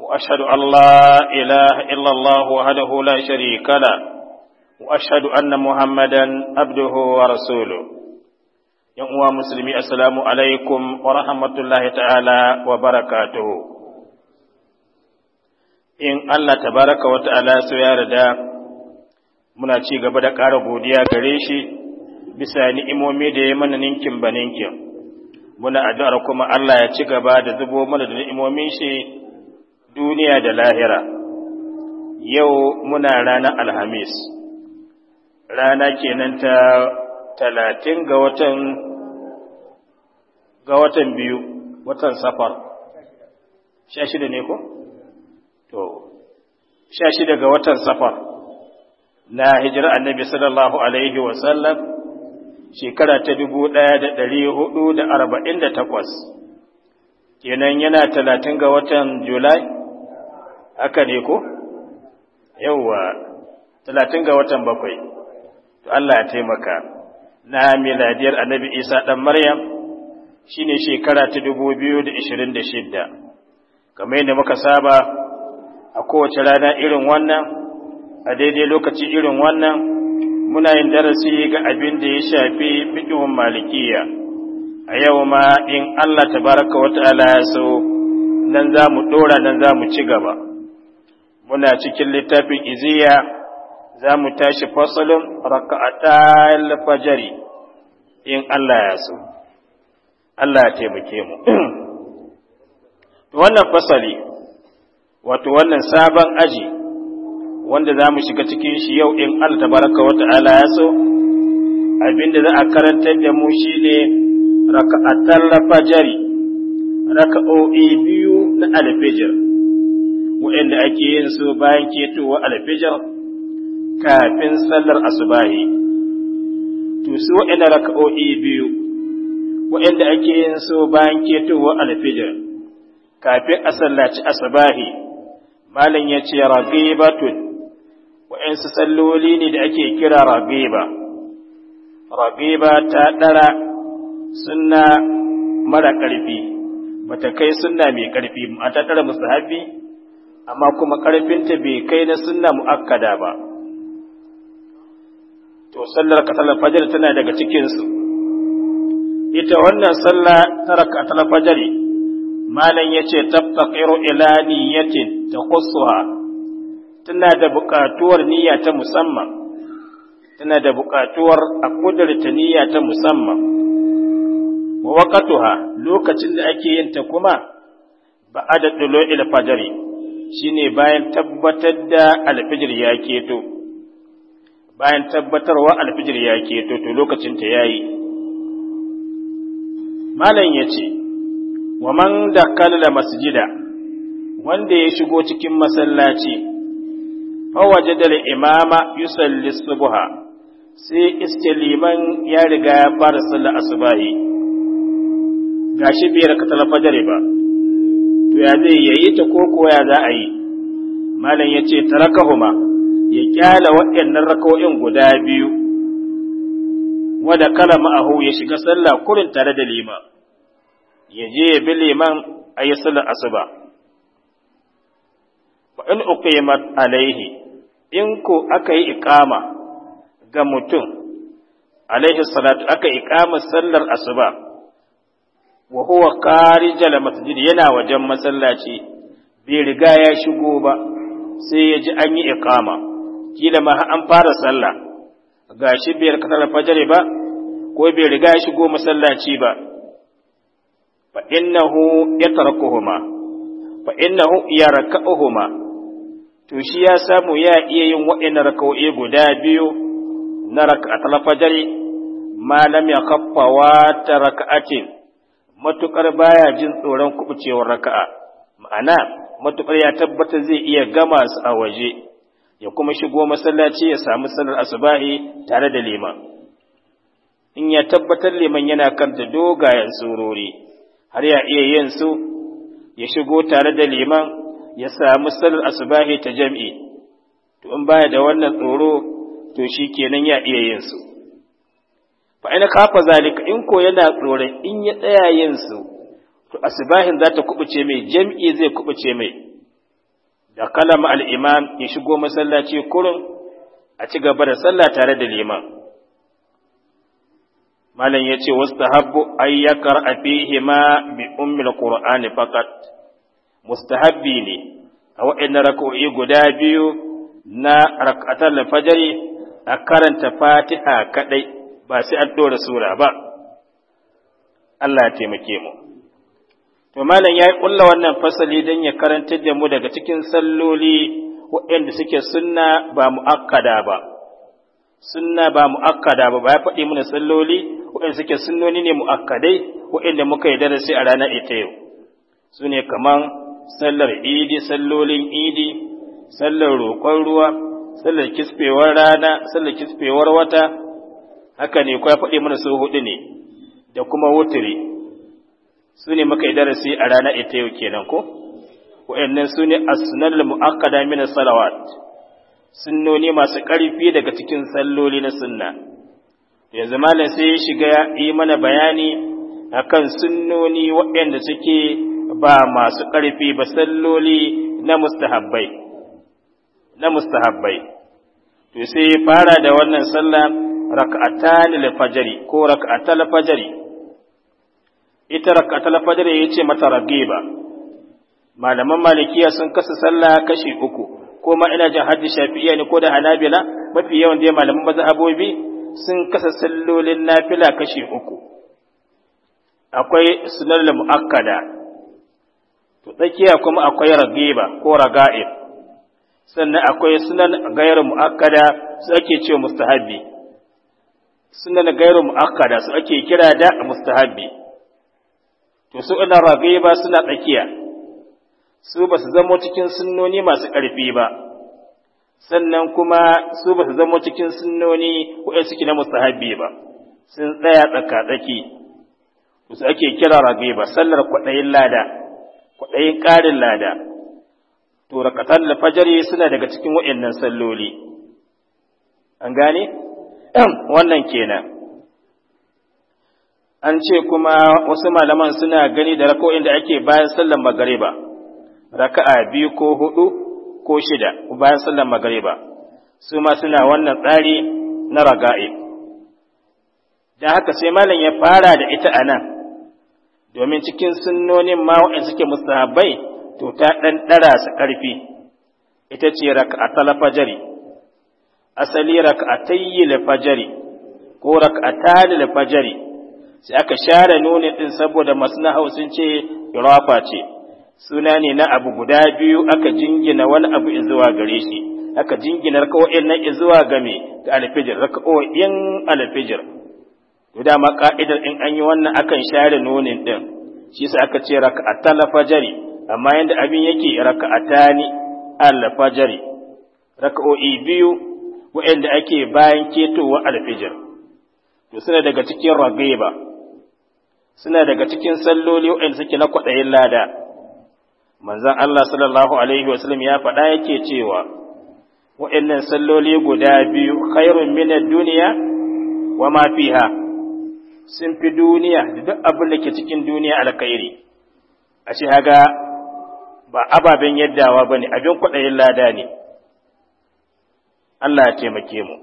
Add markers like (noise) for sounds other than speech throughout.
وأشهد أن لا إله إلا الله وحده لا شريك له وأشهد أن محمدا عبده ورسوله يوم مسلمي السلام عليكم ورحمة الله تعالى وبركاته إن الله تبارك وتعالى سيارة muna ci gaba da ƙara godiya gare shi bisa ni'imomi da ya mana ninkin ba ninkin muna addu'ar kuma Allah ya ci gaba da zubo mana da ni'imomin shi duniya da lahira yau muna ranar alhamis rana kenan ta talatin ga watan ga watan biyu watan safar sha shida ne ko? to sha shida ga watan safar na hijira annabi sallallahu alaihi wasallam shekara ta dubu ɗaya da dari hudu da arba'in da takwas kenan yana talatin ga watan julai haka ne ko Yauwa, talatin ga watan bakwai to Allah ya taimaka na miladiyar annabi isa ɗan maryam shine shekara ta dubu biyu da da kamar yadda muka saba a kowace rana irin wannan a daidai lokaci irin wannan muna yin darasi ga abin da ya shafi fiƙihun malikiya a yau ma in Allah tabaraka wa ta'ala ya so nan za mu ɗora nan za mu ci gaba muna cikin littafin iziya za mu tashi fasalin raka'atal fajari in Allah ya so Allah ya taimake mu (clears throat) wannan fasali wato wannan sabon aji wanda za mu shiga cikin shi yau in Allah baraka wa ta'ala ya so abinda za a karantar da mu shine raka'atal fajari raka'o'i biyu na alfijir waɗanda ake yin su bayan ketowa alfijar kafin sallar asubahi to su waɗanda raka'o'i biyu waɗanda ake yin su bayan ketowa alfijar kafin a sallaci asubahi malam ya ce tun waɗansu salloli ne da ake kira ragiba ragiba ta ɗara sunna mara ƙarfi bata kai sunna mai ƙarfi a musu musahabi amma kuma ƙarfinta bai kai na sunna mu'akkada ba to sallar kasalar fajar tana daga cikinsu ita wannan sallah ta al fajar malam yace tafaqiru ila niyyatin takhussuha tana da buƙatuwar niyya ta musamman tana da buƙatuwar a kudurta niyya ta musamman wa waqatuha lokacin da ake yin ta kuma ba'ada dulu'il fajri Shi ne bayan tabbatar da alfijir ya keto bayan tabbatarwa alfijir ya keto to lokacin ta yayi malam ya ce, wa man dakala masjida wanda ya shigo cikin masallaci da imama yusalli subha sai iske liman ya riga ya fara sallar asubahi gashi bai raka talfajare ba to ya zai yayi ta ko ko ya za a yi malam ya ce tarakahuma ya kyala waɗannan raka'o'in guda biyu wada kala ma'ahu ya shiga sallah kurin tare da liman ya je ya bi liman a yi sallar asuba fa in uqimat alaihi in ko aka yi iqama ga mutum alaihi salatu aka iqama sallar asuba wa huwa qarijal masjid yana wajen masallaci bai riga ya shigo ba sai ya ji an yi iqama kila ma an fara sallah gashi bai rakatar fajr ba ko bai riga ya shigo masallaci ba fa innahu yatrakuhuma fa innahu yarka'uhuma to shi ya samu ya iya yin wa'in rak'o'i guda biyu na raka'atul fajr ma lam yakhaffa wa tarakatin matukar baya jin tsoron kubucewar raka'a ma'ana matukar ya tabbata zai iya gama su a waje ya kuma shigo masallaci ya samu salar asuba'i tare da liman in ya tabbatar liman yana kan da dogayen surori har ya iya yin su ya shigo tare da liman ya samu salar asuba'i ta jam'i to in baya da wannan tsoro to shikenan ya iya yin su fa ina kafa zalika in ko yana tsoron in ya tsaya yin su to asbahin za ta kubuce mai jam'i zai kubuce mai da kalama al-imam ya shigo masallaci kurun a ci gaba da sallah tare da liman malam yace wastahabbu ay yaqra fihi ma bi al qur'ani faqat mustahabbi ne a wa'in rak'o'i guda biyu na rak'atul fajr a karanta fatiha kadai ba sai an ɗora sura ba Allah ya taimake mu to malam ya yi ƙulla wannan fasali don ya karanta da mu daga cikin salloli waɗanda suke sunna ba mu'akkada ba sunna ba mu'akkada ba ba ya faɗi mana salloli waɗanda suke sunnoni ne mu'akkadai waɗanda muka yi darasi a ranar ita yau Sune kaman sallar idi sallolin idi sallar roƙon ruwa sallar kisfewar rana sallar kisfewar wata haka ne kwa faɗi mana su hudu ne da kuma wutiri su ne su yi darasi a rana ita yau kenan ko wa'annan su ne asnal mu'akkada min salawat sunnoni masu ƙarfi daga cikin salloli na sunna yanzu malam sai ya shiga ya yi mana bayani akan sunnoni waɗanda suke ba masu ƙarfi ba salloli na mustahabbai na mustahabbai to sai fara da wannan sallah rak'atan al-fajr ko rak'atan al-fajr ita rak'atan al-fajr yace mata ragiba malaman malikiya sun kasa sallah kashi uku ko ma ina jin haddi shafi'iyya ne ko da hanabila mafi yawan dai malaman mazhabobi sun kasa sallolin nafila kashi uku akwai sunan muakkada to tsakiya kuma akwai ragiba ko raga'ib sannan akwai sunan gairu muakkada su ake cewa mustahabbi sunan gairu mu'akkada su ake kira da mustahabbi to su ina ba suna tsakiya su ba su zamo cikin sunnoni masu ƙarfi ba sannan kuma su ba su zamo cikin sunnoni ai suke na mustahabbi ba sun tsaya tsaka-tsaki to su ake kira ba sallar kwaɗayin lada kwaɗayin ƙarin lada to rakatan fajr suna daga cikin waɗannan salloli an gane wannan kenan an ce kuma wasu malaman suna gani da rako'in da ake bayan sallan magariba raka'a biyu ko hudu ko shida bayan sallan magariba su ma suna wannan tsari na raga'i Da haka sai malam ya fara da ita a nan domin cikin sunnonin ma waɗanda suke musahabai to ta ɗan ɗara su ƙarfi ita ce raka'a talafajari asali rak'atayyi lifajari ko rak'atani lifajari sai aka share nuni din saboda masnahau sun ce irafa ce suna ne na abu guda biyu aka jingina wani abu zuwa gare shi aka jingina raka'o'in na zuwa ga me ga alfijir raka'o'in alfijir to dama ka'idar in an yi wannan akan share nunin din shi sai aka ce rak'atal fajari amma yanda abin yake rak'atani al fajari raka'o'i biyu wa'anda ake bayan ketowa alfijir to suna daga cikin ragaiba suna daga cikin salloli wa'anda suke na kwaɗayin lada manzon Allah sallallahu alaihi wasallam ya faɗa yake cewa wa'annan salloli guda biyu khairun min duniya, dunya wa ma fiha sun fi duniya da duk abin da ke cikin duniya alkhairi ashe haga ba ababen yaddawa bane abin kwaɗayin lada ne Allah ya taimake mu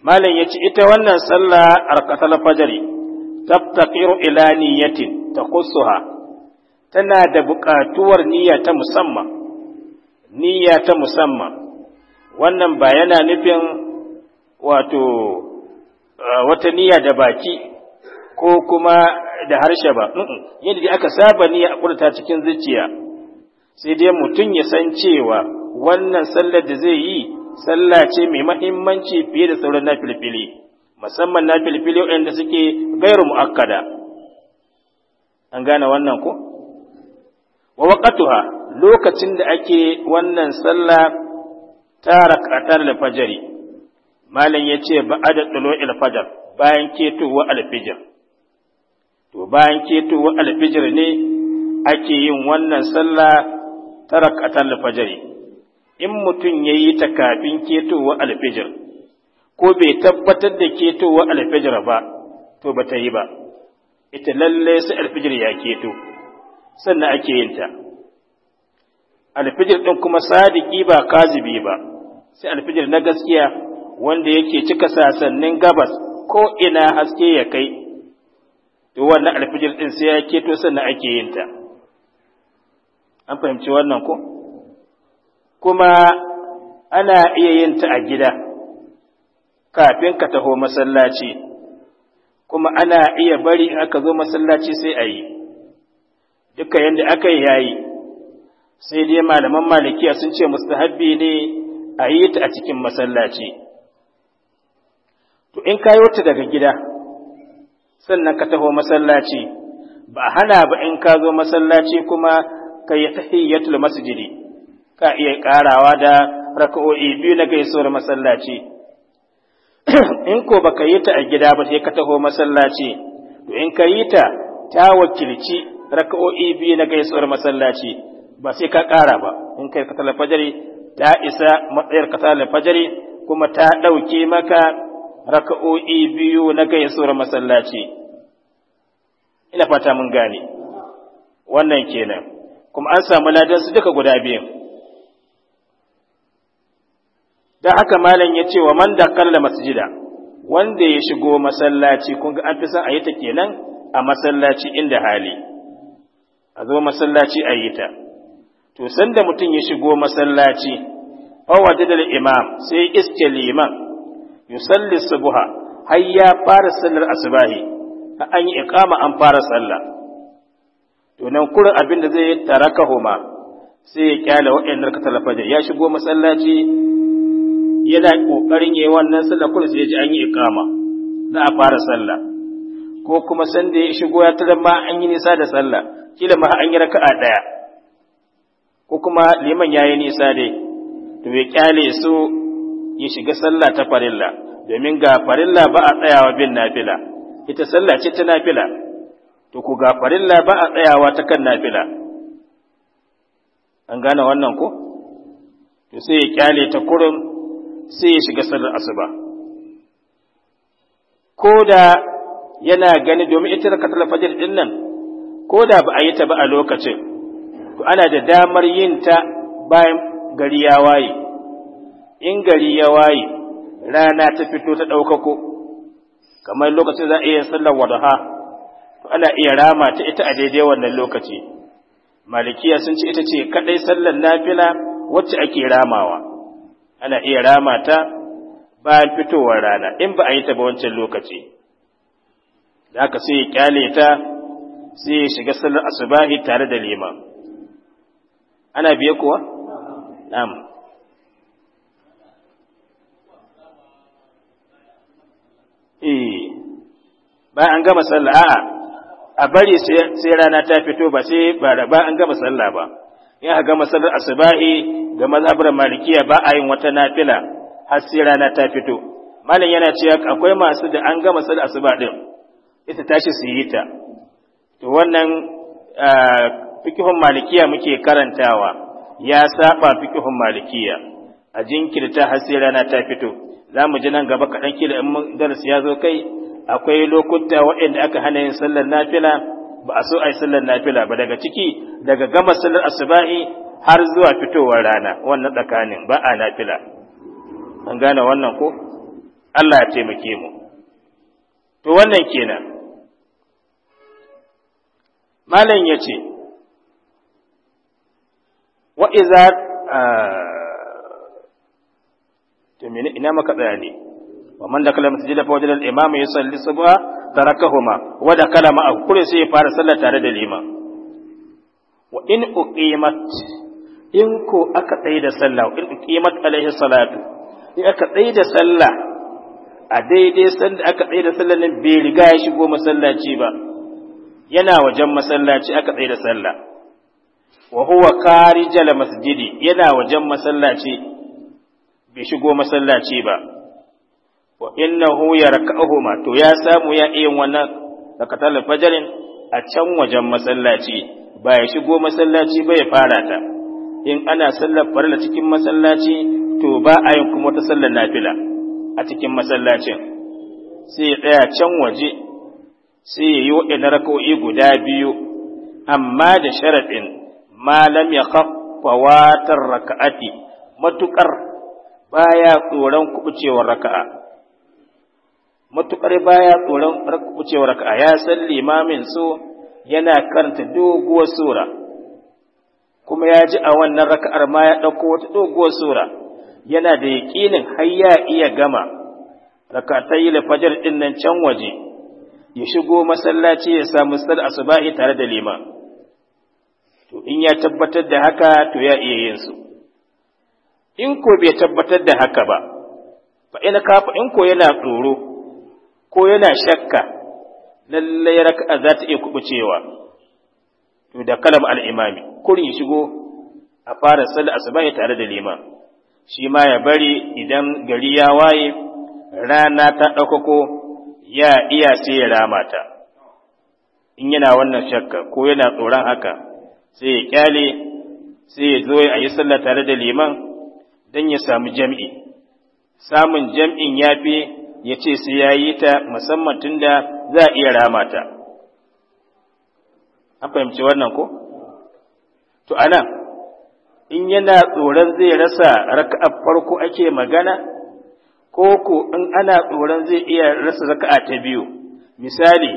malam ya yace ita wannan sallah arkatal fajri tabtaqiru ila ta kusuha, tana da buƙatuwar niyya ta musamman niyya ta musamman wannan ba yana nufin wato wata niyya da baki ko kuma da harshe ba yadda aka saba niyya a kurta cikin zuciya sai dai mutum ya san cewa wannan sallar da zai yi sallah ce mai mahimmanci fiye da sauran filfili musamman filfili waɗanda suke gairu muakkada an gane wannan ko wa waqatuha lokacin da ake wannan sallah ta rakatar fajari, malam yace ba'ada tulu'il fajr bayan al alfijir to bayan al alfijir ne ake yin wannan sallah ta rakatar fajari. in mutum ya yi ta kafin ketowa alfijir ko bai tabbatar da ketowa alfijir ba to ba ta yi ba ita lalle sai alfijir ya keto sannan ake yin ta alfijir ɗin kuma sadiki ba kazibi ba sai alfijir na gaskiya wanda yake cika sasannin gabas ko ina haske ya kai to wannan alfijir ɗin sai ya keto sannan ake yin ta an fahimci wannan ko kuma ana iya yin ta a gida kafin ka taho masallaci kuma ana iya bari aka zo masallaci sai a yi duka yadda aka yi yayi sai dai malaman malikiya sun ce mustahabbi ne a yi ta a cikin masallaci to in kayo ta daga gida sannan ka taho masallaci ba hana ba in ka zo masallaci kuma ka yi tahiyyatul masjidi ka iya ƙarawa da raka'o'i biyu na gaisuwar masallaci (clears throat) in ko baka yi ta a gida ba sai ka taho masallaci to in ka yi ta ta wakilci raka'o'i biyu na gaisuwar masallaci ba sai ka kara ba in kai katal fajari ta isa matsayar katal fajari kuma ta ɗauke maka raka'o'i biyu na gaisuwar masallaci ina fata mun gane wannan kenan kuma an samu ladan su duka guda biyu da haka malam ya ce wa man da kalla masjida wanda ya shigo masallaci kun ga an fi san a kenan a masallaci inda hali a zo masallaci a yi ta to sanda mutum ya shigo masallaci fawajid da imam sai iske liman yusalli subha har ya fara sallar asubahi an yi iqama an fara sallah to nan kurin abin da zai taraka huma sai ya kyale wa'annan ka ya shigo masallaci yana kokarin yi wannan sallah kullu sai ya ji an yi iqama za a fara sallah ko kuma san da ya shigo ya tada ma an yi nisa da sallah kila ma an yi raka'a daya ko kuma liman yayi nisa dai to bai kyale su ya shiga sallah ta farilla domin ga farilla ba a tsayawa bin nafila ita sallah ce ta nafila to ku ga farilla ba a tsayawa ta kan nafila an gane wannan ko to sai ya kyale ta kurun. sai ya shiga sallar asuba ko da yana gani domin ita katar fajar din nan ko da ba a yi ta ba a lokacin to ana da damar yin ta bayan gari ya waye in gari ya waye rana ta fito ta ɗaukako kamar lokacin za a iya sallar wadaha to ana iya rama ta ita a daidai wannan lokaci malikiya sun ce ita ce kadai sallar nafila wacce ake ramawa ana iya rama ta bayan fitowar rana in ba a yi ta ba wancan lokaci da aka sai ya kyale ta sai ya shiga sallar asubahi tare da liman ana biye kuwa na'am eh bayan an gama sallah a'a a bari sai rana ta fito ba sai ba an gama sallah ba in aka gama sadar asuba'i ga mazhabar malikiya ba a yin wata nafila har sai rana ta fito malam yana cewa akwai masu da an gama sadar asuba din ita tashi su yi ta to wannan fikihun malikiya muke karantawa ya saba fikihun malikiya a jinkirta har sai rana ta fito za mu ji nan gaba kaɗan kila in darasi ya zo kai akwai lokuta waɗanda aka hana yin sallar nafila ba a so a yi sallar nafila ba daga ciki daga gama sallar asuba'i har zuwa fitowar rana wannan tsakanin ba a nafila an gane wannan ko Allah ya taimake mu to wannan kenan malam yace ce wa iza to ina maka tsaya ne wa man da kalamta jila fa wajen al-imam yusalli subha tarakahuma wa kalama a kure sai ya fara sallah tare da liman wa in uqimat in ko aka tsaye da sallah in uqimat alaihi salatu in aka tsaye da sallah a daidai sanda aka tsaye da sallah nan bai riga ya shigo masallaci ba yana wajen masallaci aka tsaye da sallah wa huwa karijal masjidi yana wajen masallaci bai shigo masallaci ba wa innahu yarka'uhuma to ya samu ya iya wannan zakatul fajrin a can wajen masallaci ba ya shigo masallaci ba ya fara ta in ana sallar farilla cikin masallaci to ba a yin kuma ta sallar nafila a cikin masallacin sai ya tsaya can waje sai ya yi waɗannan raka'o'i guda biyu amma da sharaɗin malam ya khaffawatar raka'ati matukar baya tsoron kubucewar raka'a matuƙar baya tsoron wucewar ka ya san limamin so yana karanta doguwar sura kuma ya ji a wannan raka'ar ma ya ɗauko wata doguwar sura yana da yaƙinin har ya iya gama rakatai da lafajar ɗinnan can waje ya shigo masallaci ya samu sal asuba'i tare da lima to in ya tabbatar da haka to ya iya yin su in ko bai tabbatar da haka ba fa ina ka in ko yana tsoro ko yana shakka lallai raka'a za ta iya kubucewa to da kalam al-imami kurin shigo a fara sallar asuba tare da liman shi ma ya bari idan gari ya waye rana ta ɗaukako ya iya sai ya ramata in yana wannan shakka ko yana tsoron haka sai ya kyale sai ya zo a yi sallah tare da liman don ya samu jam'i samun jam'in ya fi ya ce sai ya yi ta musamman tunda za a iya rama ta an fahimci wannan ko to anan in yana tsoron zai rasa raka'a farko ake magana ko ko in ana tsoron zai iya rasa raka'a ta biyu misali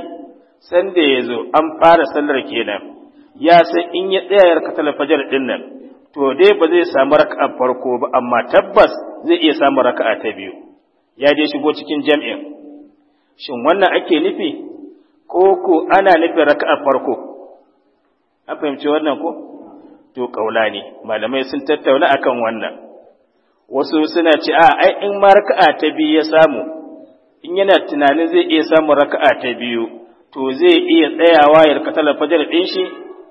sanda ya zo an fara sallar kenan ya san in ya tsaya ya raka talafajar to dai ba zai samu raka'a farko ba amma tabbas zai iya samu raka'a ta biyu ya je shigo cikin jam'in shin wannan ake nufi ko ko ana nufin raka'a farko an fahimci wannan ko to kaula ne malamai sun tattauna akan wannan wasu suna ce a ai in ma raka'a ta biyu ya samu in yana tunanin zai iya samun raka'a ta biyu to zai iya tsayawa ya rika talafajar ɗin shi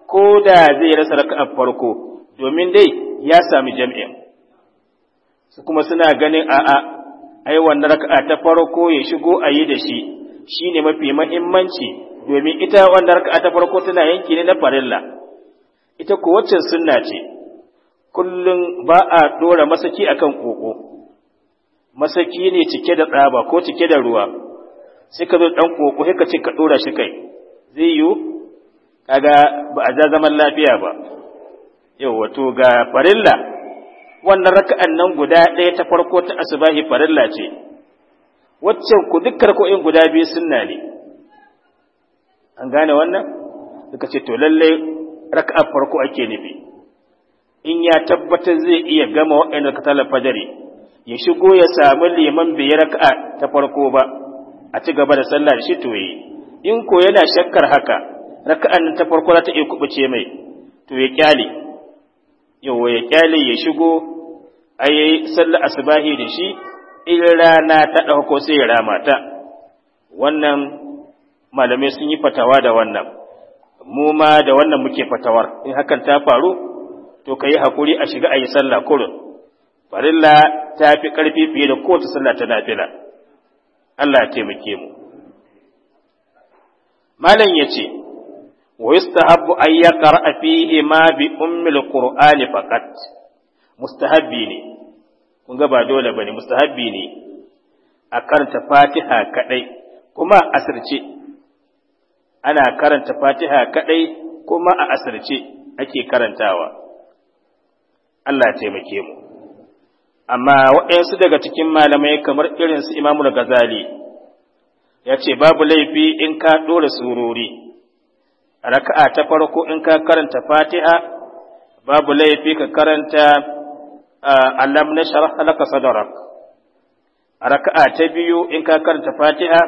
ko da zai rasa raka'a farko domin dai ya sami jam'in su kuma suna ganin a'a ai wannan raka'a ta farko ya shigo ayi da shi shine mafi muhimmanci domin ita wannan raka'a ta farko tana yanki ne na farilla ita ko wacce sunna ce kullum ba a dora masaki akan koko masaki ne cike da tsaba ko cike da ruwa sai ka zo dan koko sai ka ce ka dora shi kai zai yiwu kaga ba a za zaman lafiya ba yau wato ga farilla wannan raka'an nan guda ɗaya ta farko ta asubahi farilla ce Wacce ku dukkan ko'in guda biyu sunna ne an gane wannan suka ce to lallai raka'a farko ake nufi in ya tabbatar zai iya gama waɗanda ka fajari ya shigo ya samu liman bai raka'a ta farko ba a ci gaba da sallah da shi to yi in ko yana shakkar haka raka'an ta farko za ta iya kubuce mai to ya kyale yawa ya kyale ya shigo a yi sallar da shi in rana ta ɗauko sai ya rama ta wannan malamai sun yi fatawa da wannan mu ma da wannan muke fatawar in hakan ta faru to ka yi haƙuri a shiga a yi sallah kurun farilla ta fi ƙarfi fiye da kowace sallah ta nafila Allah ya taimake mu malam ya ce wa yustahabbu an yaqra fihi ma bi ummil qur'ani ne kun ga ba dole bane mustahabbi ne a karanta fatiha kadai kuma a asirce ana karanta fatiha kadai kuma a asirce ake karantawa Allah taimake mu amma waɗansu daga cikin malamai kamar irin su Imam Ghazali ya ce babu laifi in ka dora surori raka'a ta farko in ka karanta fatiha babu laifi ka karanta alam na sharh laka sadrak raka'a ta biyu in ka karanta fatiha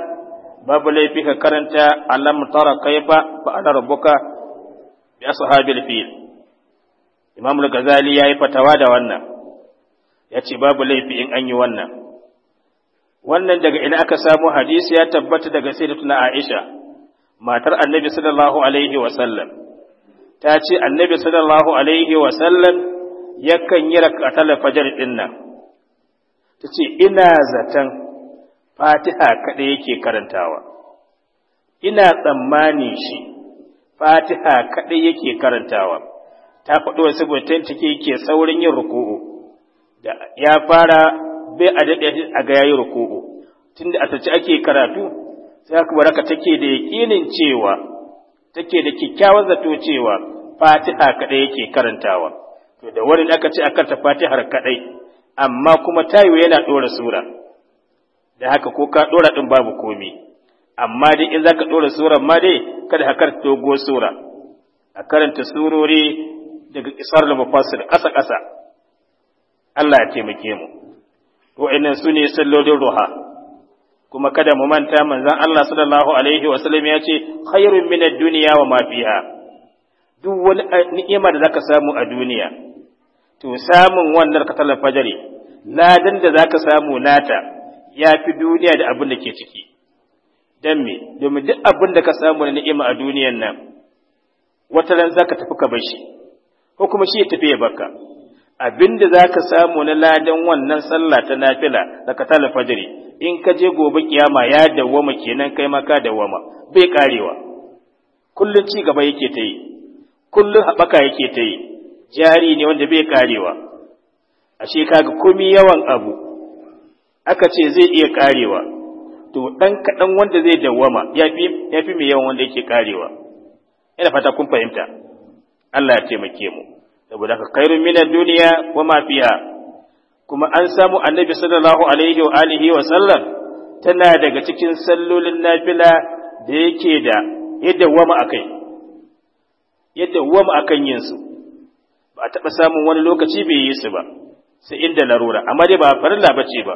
babu laifi ka karanta alam tara kaifa fa'ala rabbuka bi ashabil fil imam al-ghazali yayi fatawa da wannan yace babu laifi in anyi wannan wannan daga ina aka samu hadisi ya tabbata daga sayyidatuna aisha matar annabi sallallahu alaihi wasallam ta ce annabi sallallahu alaihi wasallam yakan yi rakatar fajar din nan ta ce ina zaton fatiha kaɗai yake karantawa ina tsammani shi fatiha kaɗai yake karantawa ta faɗo saboda gutan take yake saurin yin ruku'u da ya fara bai a daɗe a ga yayi ruku'u tunda a sace ake karatu sai haka baraka take da yaƙinin cewa take da kyakkyawan zato cewa fatiha kaɗai yake karantawa to da wani aka ce akan ta Fatiha kaɗai amma kuma tayo yana ɗora sura da haka ko ka ɗora ɗin babu komi amma dai in zaka dora sura ma dai kada ka karanta dogo sura a karanta surori daga isar da mafasir kasa ƙasa Allah ya taimake mu wa'annan sune ne sallolin ruha kuma kada mu manta manzon Allah sallallahu alaihi wa sallam ya ce khairun min ad-dunya wa ma fiha duk wani eh, ni'ima da zaka samu a duniya to samun wannan ka talafa jare ladan da zaka samu nata ya fi duniya da abin da ke ciki dan me domin duk abin da ka samu na ni'ima a duniyan nan wata ran zaka tafi ka bar shi ko kuma shi ya tafi ya baka da zaka samu na ladan wannan sallah ta nafila da ka talafa jare in ka je gobe kiyama ya dawwama kenan kai ma ka dawwama bai karewa kullun ci gaba yake ta yi kullun haɓaka yake ta yi jari ne wanda bai karewa ashe kaga komi yawan abu aka ce zai iya karewa to ɗan kaɗan wanda zai dawwama ya fi mai yawan wanda yake karewa ina fata kun fahimta Allah ya taimake mu saboda ka kairu minar duniya wa mafiya kuma an samu annabi sallallahu alaihi wa alihi wa sallam tana daga cikin sallolin nafila da yake da yadda wama akai yadda wama akan yin su ba a taɓa samun wani lokaci bai yi su ba sai inda larura amma dai ba farilla bace ba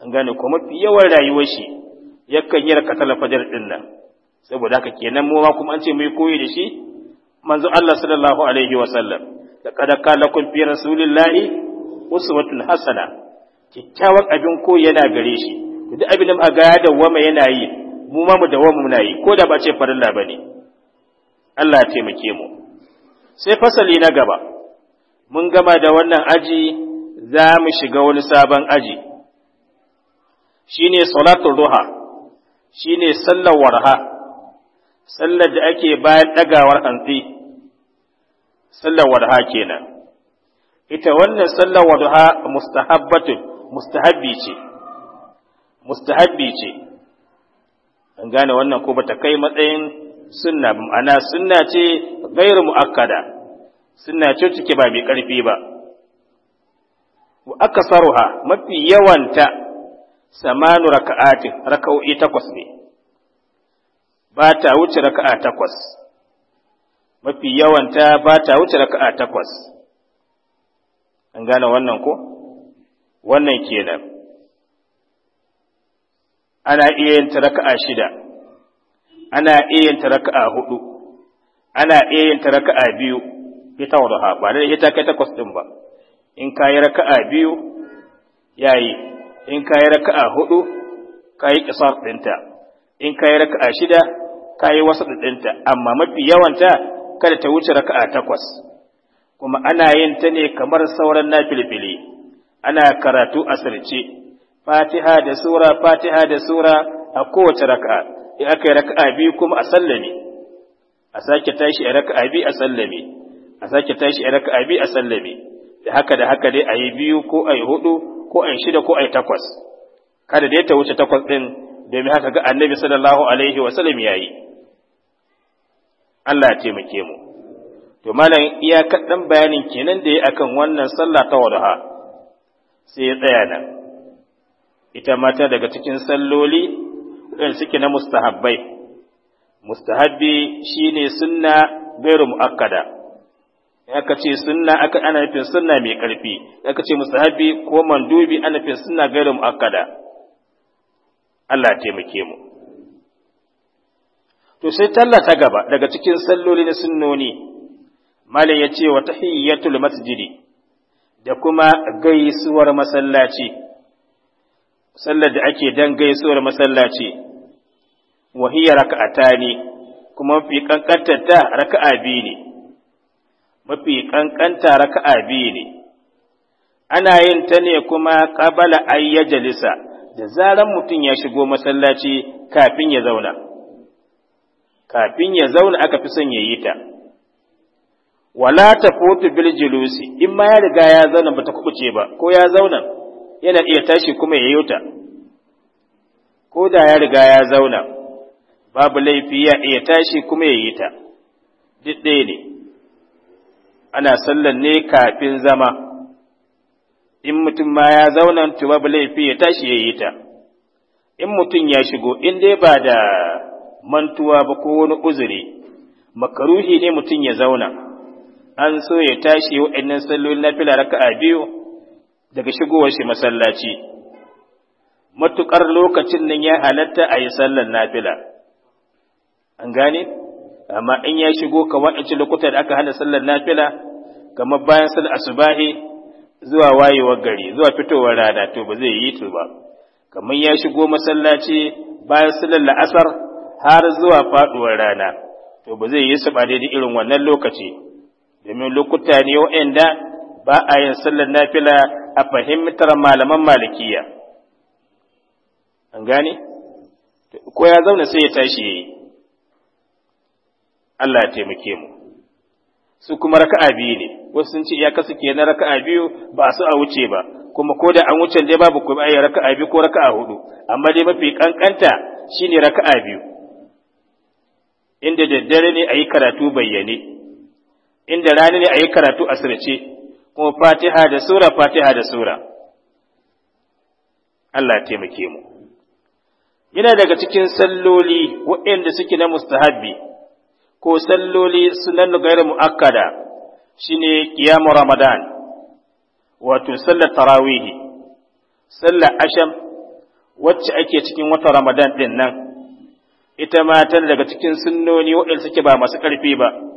an gane kuma yawan rayuwar shi yakan yi rakatar fajar din nan saboda haka kenan mu ma kuma an ce mu yi koyi da shi manzo Allah sallallahu alaihi wa sallam laqad kana lakum fi rasulillahi uswatul hasana kyakkyawan abin ko yana gare shi duk abin da aka ga da dawwama yana yi mu ma mu da wama muna yi ko da ba ce farilla bane Allah ya taimake mu sai fasali na gaba mun gama da wannan aji za mu shiga wani sabon aji shine salatul duha shine sallar warha sallar da ake bayan dagawar hantsi sallar warha kenan ita wannan sallar wadha mustahabbatun mustahabbi ce mustahabbi ce an gane wannan ko bata kai matsayin sunna ba ma'ana sunna ce gairu mu'akkada sunna ce cike ba mai karfi ba wa akasaruha mafi yawanta samanu raka'atin raka'o'i takwas ne ba ta wuce raka'a takwas mafi yawanta ba ta wuce raka'a takwas an gane wannan ko wannan kenan ana iya yin raka'a shida ana iya yin raka'a hudu ana iya yin raka'a biyu ita wadda ba da ita kai takwas din ba in ka yi raka'a biyu yayi in ka yi raka'a hudu ka yi kisar dinta in ka yi raka'a shida ka yi wasu dinta amma mafi yawanta kada ta wuce raka'a takwas kuma ana yin ta ne kamar sauran nafilfili ana karatu a sirce, fatiha da sura fatiha da sura a kowace raka, in aka yi raka biyu kuma a sallame a sake tashi a raka biyu a sallame a sake tashi a raka biyu a sallame da haka da haka dai a yi biyu ko a yi hudu ko a yi shida ko a yi takwas kada dai ta wuce takwas din domin haka ga annabi sallallahu alaihi wa sallam yayi Allah ya taimake mu to malam iya kaɗan bayanin kenan da ya akan wannan sallah ta wadaha sai ya tsaya nan ita mata daga cikin salloli waɗanda suke na mustahabbai mustahabbi shine sunna gairu mu'akkada aka ce sunna aka ana nufin sunna mai ƙarfi aka ce mustahabbi ko mandubi ana nufin sunna gairu mu'akkada Allah taimake mu to sai talla ta gaba daga cikin salloli na sunnoni malam ya ce wa tahiyyatul masjidi da kuma gaisuwar masallaci sallar da ake dan gaisuwar masallaci wa hiya ne? kuma mafi kankantar ta raka'a biyu ne mafi kankanta raka'a biyu ne ana yin ta ne kuma ƙabala qabala ayyajalisa da zaran mutum ya shigo masallaci kafin ya zauna kafin ya zauna aka fi son ya yi ta wala tafutu bil julusi in ma ya riga ya zauna ba ta kubuce ba ko ya zauna yana iya tashi kuma ya yota ko da ya riga ya zauna babu laifi ya iya tashi kuma ya yi ta duk ɗaya ne ana sallan ne kafin zama in mutum ma ya zauna to babu laifi ya tashi ya yi ta in mutum ya shigo in dai ba da mantuwa ba ko wani uzuri makaruhi ne mutum ya zauna an so ya tashi wa'annan sallolin nafila a biyu daga shigowar shi masallaci Matuƙar lokacin nan ya halatta a yi sallar nafila an gane amma in ya shigo ka wa'anci lokuta da aka hana sallar nafila kamar bayan sallar asubahi zuwa wayewar gari zuwa fitowar rana to ba zai yi to ba kamar ya shigo masallaci bayan sallar la'asar har zuwa faɗuwar rana to ba zai yi su ba daidai irin wannan lokaci domin lokuta ne waɗanda ba a yin sallar nafila a fahimtar malaman malikiya an gane ko ya zauna sai ya tashi yayi Allah ya taimake mu su kuma raka'a biyu ne wasu sun ce kasu ke na raka'a biyu ba su a wuce ba kuma ko da an wuce dai babu ku ayi raka'a biyu ko raka'a hudu amma dai mafi kankanta shine raka'a biyu inda daddare ne ayi karatu bayyane inda rani ne a yi karatu a sirce kuma fatiha da sura fatiha da sura Allah ya taimake mu yana daga cikin salloli waɗanda suke na mustahabbi ko salloli sunan gairu mu'akkada shine qiyamu ramadan wato sallar tarawih sallar asham wacce ake cikin wata ramadan din nan ita ma tana daga cikin sunnoni waɗanda suke ba masu ƙarfi ba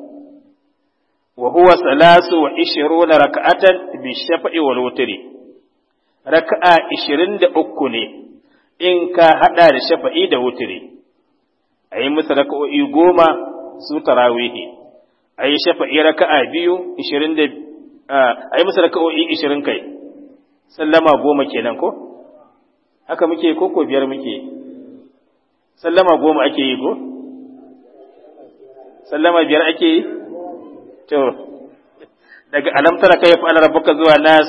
wa huwa salasu wa ishiruna raka'atan bi shafa'i wal wutri raka'a 23 ne in ka hada da shafa'i da wutri ayi musu raka'o'i goma su tarawihi ayi shafa'i raka'a biyu 20 da ayi musu raka'o'i 20 kai sallama goma kenan ko haka muke ko ko biyar muke sallama goma ake yi ko sallama biyar ake yi to daga alam tara kai fa rabbuka zuwa nas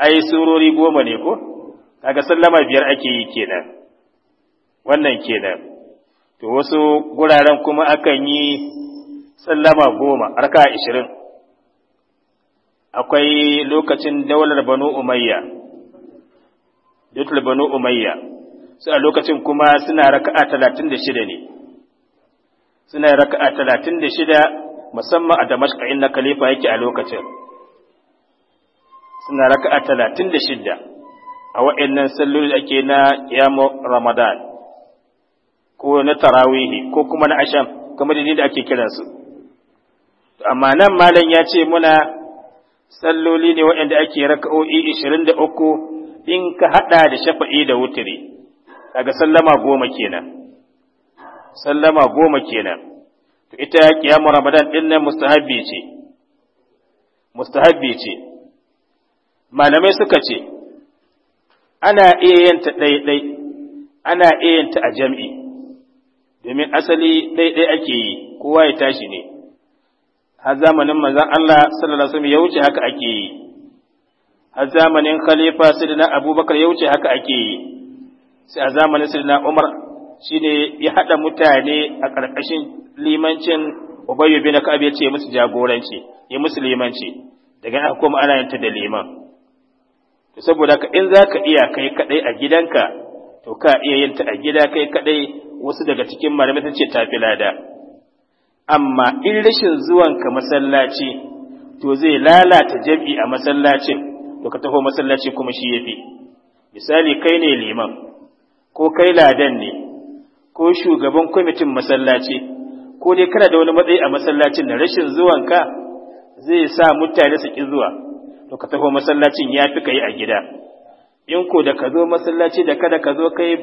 ai surori goma ne ko kaga sallama biyar ake yi kenan wannan kenan to wasu guraren kuma akan yi sallama goma arka ashirin akwai lokacin daular banu umayya daular banu umayya su a lokacin kuma suna raka'a talatin da shida ne suna raka'a talatin da shida musamman a Damashq inda khalifa yake a lokacin suna raka'a talatin da shidda a wa'annan salloli ake na yamo ramadan ko na tarawihi ko kuma na asham kamar da ake kiransu amma nan malam ya ce muna salloli ne waɗanda ake raka'o'i ishirin in ka haɗa da shafa'i da wutiri daga sallama goma kenan sallama goma kenan to ita kiyamu ramadan din nan mustahabbi ce mustahabbi ce malamai suka ce ana iya yin ta ɗaiɗai ana iya yin ta a jam'i domin asali ɗaiɗai ake yi kowa ya tashi ne har zamanin manzon Allah sallallahu alaihi wasallam ya wuce haka ake yi a zamanin khalifa sidina abubakar ya wuce haka ake yi sai a zamanin sidina umar shine ya haɗa mutane a ƙarƙashin limancin Ubayyu bin Ka'ab ya ce musu jagoranci ya musu limanci daga aka kuma ana yanta da liman to saboda ka in zaka iya kai kadai a gidanka to ka iya yin ta a gida kai kadai wasu daga cikin malamai ta ce tafi lada amma in rashin zuwan ka masallaci to zai lalata jam'i a masallacin to ka taho masallaci kuma shi yafi misali kai ne liman ko kai ladan ne ko shugaban kwamitin masallaci ko dai kana da wani matsayi a masallacin da rashin zuwanka zai sa mutane su ki zuwa to ka taho masallacin ya fi ka yi a gida in ko da ka zo masallaci da kada ka zo kai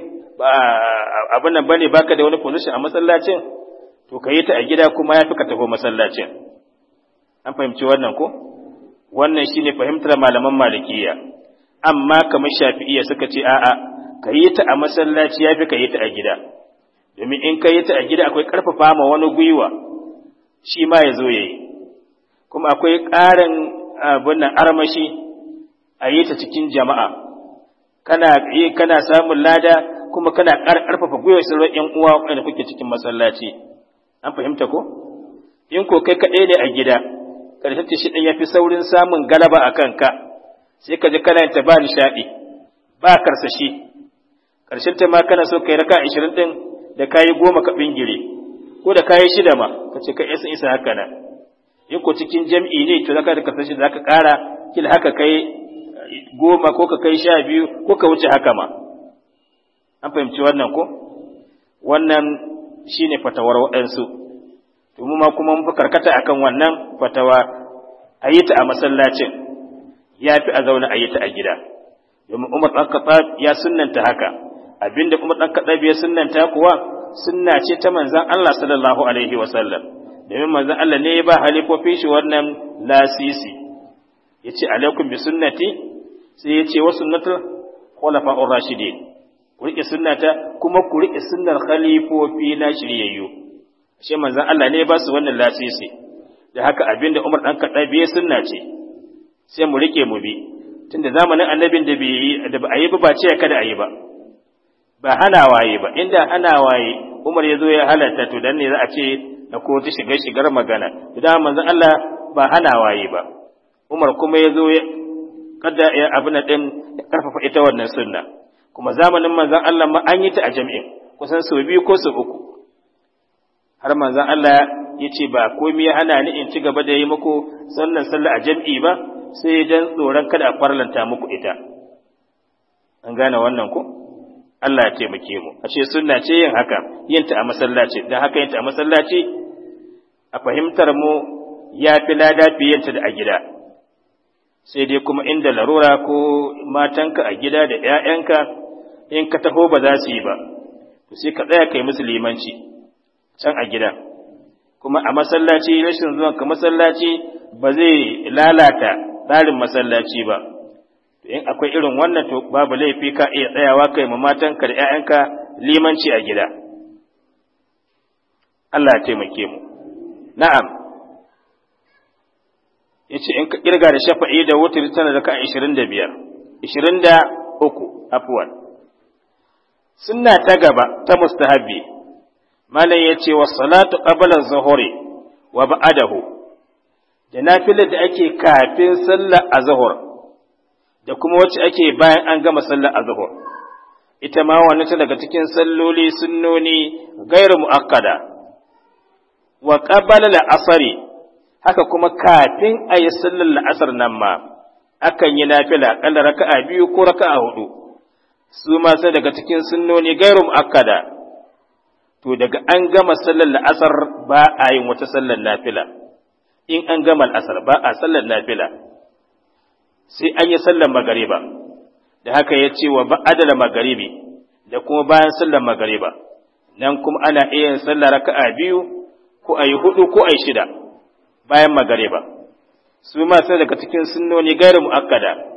abin nan bane baka da wani position a masallacin to ka yi ta a gida kuma ya fi ka taho masallacin an fahimci wannan ko wannan shine fahimtar malaman malikiya amma kamar shafi'iya suka ce a'a ka yi ta a masallaci ya fi ka yi ta a gida domin in kai ta a gida akwai karfafa ma wani gwiwa shi ma ya zo ya yi kuma akwai ƙarin abin armashi a yi ta cikin jama'a kana yi samun lada kuma kana karfafa gwiwa sauran ‘yan uwa waɗanda kuke cikin masallaci an fahimta ko in ko kai kaɗai ne a gida ƙarshen shi ɗin ya fi saurin samun galaba a kanka sai ka ji kana ta ba nishaɗi ba karsashi Karshen ta ma kana so kai raka ashirin ɗin da kayi goma ka bingire ko da kayi shida ma ka ce kai sun isa haka nan in ko cikin jam'i ne to zaka da ka san shi zaka ƙara kila haka kai eh, goma ko ka kai sha biyu ko ka wuce haka ma an fahimci wannan ko wannan shine fatawar waɗansu to mu ma kuma mun karkata akan wannan fatawa a ta a masallacin yafi a zauna a ta a gida domin umar ɗan ya sunnanta haka abinda kuma ɗan kaɗabi sunnan ta kuwa sunna ce ta manzan Allah sallallahu alaihi wasallam domin manzan Allah ne ya ba halifofin shi wannan lasisi ya ce alaikum bi sunnati sai ya ce wa sunnatul khulafa rashidin ku Rike sunnata kuma ku rike sunnar khalifofi na shiryayyu ashe manzan Allah ne ya ba su wannan lasisi da haka abinda Umar ɗan kaɗabi ya sunna ce sai mu riƙe mu bi tunda zamanin annabin da bai yi, da ba a yi ba ba ce kada a yi ba ba hana waye ba inda hana waye Umar yazo ya halatta to dan ne za a ce da ko ta shiga shigar magana idan manzo Allah ba hana waye ba Umar kuma yazo ya kada ya abuna din karfafa ita wannan sunna kuma zamanin manzon Allah ma an yi ta a jami'in kusan sau biyu ko sau uku har manzon Allah ya ce ba komai ya hana ni in ci gaba da yi muku sallan sallah a jam'i ba sai dan tsoron kada a farlanta muku ita an gane wannan ko Allah ya taimake mu ashe sunna ce yin haka yin ta a masallaci dan haka yin ta a masallaci a fahimtar mu ya fi lada fi yin ta da a gida sai dai kuma inda larura ko matanka a gida da ‘ya'yanka in ka taho ba za su yi ba to sai ka tsaya kai musu limanci can a gida kuma a masallaci rashin zuwan ka masallaci ba zai lalata tsarin masallaci ba in akwai irin wannan to babu laifi ka iya tsayawa kai ma matanka da ‘ya'yanka limanci a gida Allah ya taimake mu na'am ya ce in ka ƙirga da shafa'i da wutar tana da ka ishirin da biyar ishirin da uku afuwan sunna ta gaba ta mustahabbi malam ya ce wa salatu qabla zuhuri wa ba'adahu da nafilar da ake kafin a azhar da kuma wacce ake bayan an gama sallar azhar ita ma wanne ta daga cikin salloli sunnoni gairu muakkada wa qabala al-asri haka kuma kafin a yi sallar la'asar nan ma akan yi nafila kala raka'a biyu ko raka'a hudu su ma sai daga cikin sunnoni gairu muakkada to daga an gama sallar la'asar ba a yin wata sallar nafila in an gama al'asar ba a sallar nafila sai an yi sallar magariba da haka ya ce wa ba'adala magaribi da kuma bayan sallar magariba nan kuma ana iya yin sallar raka'a biyu ko a hudu ko a shida bayan magariba su ma sai daga cikin sunnoni gairu mu'akkada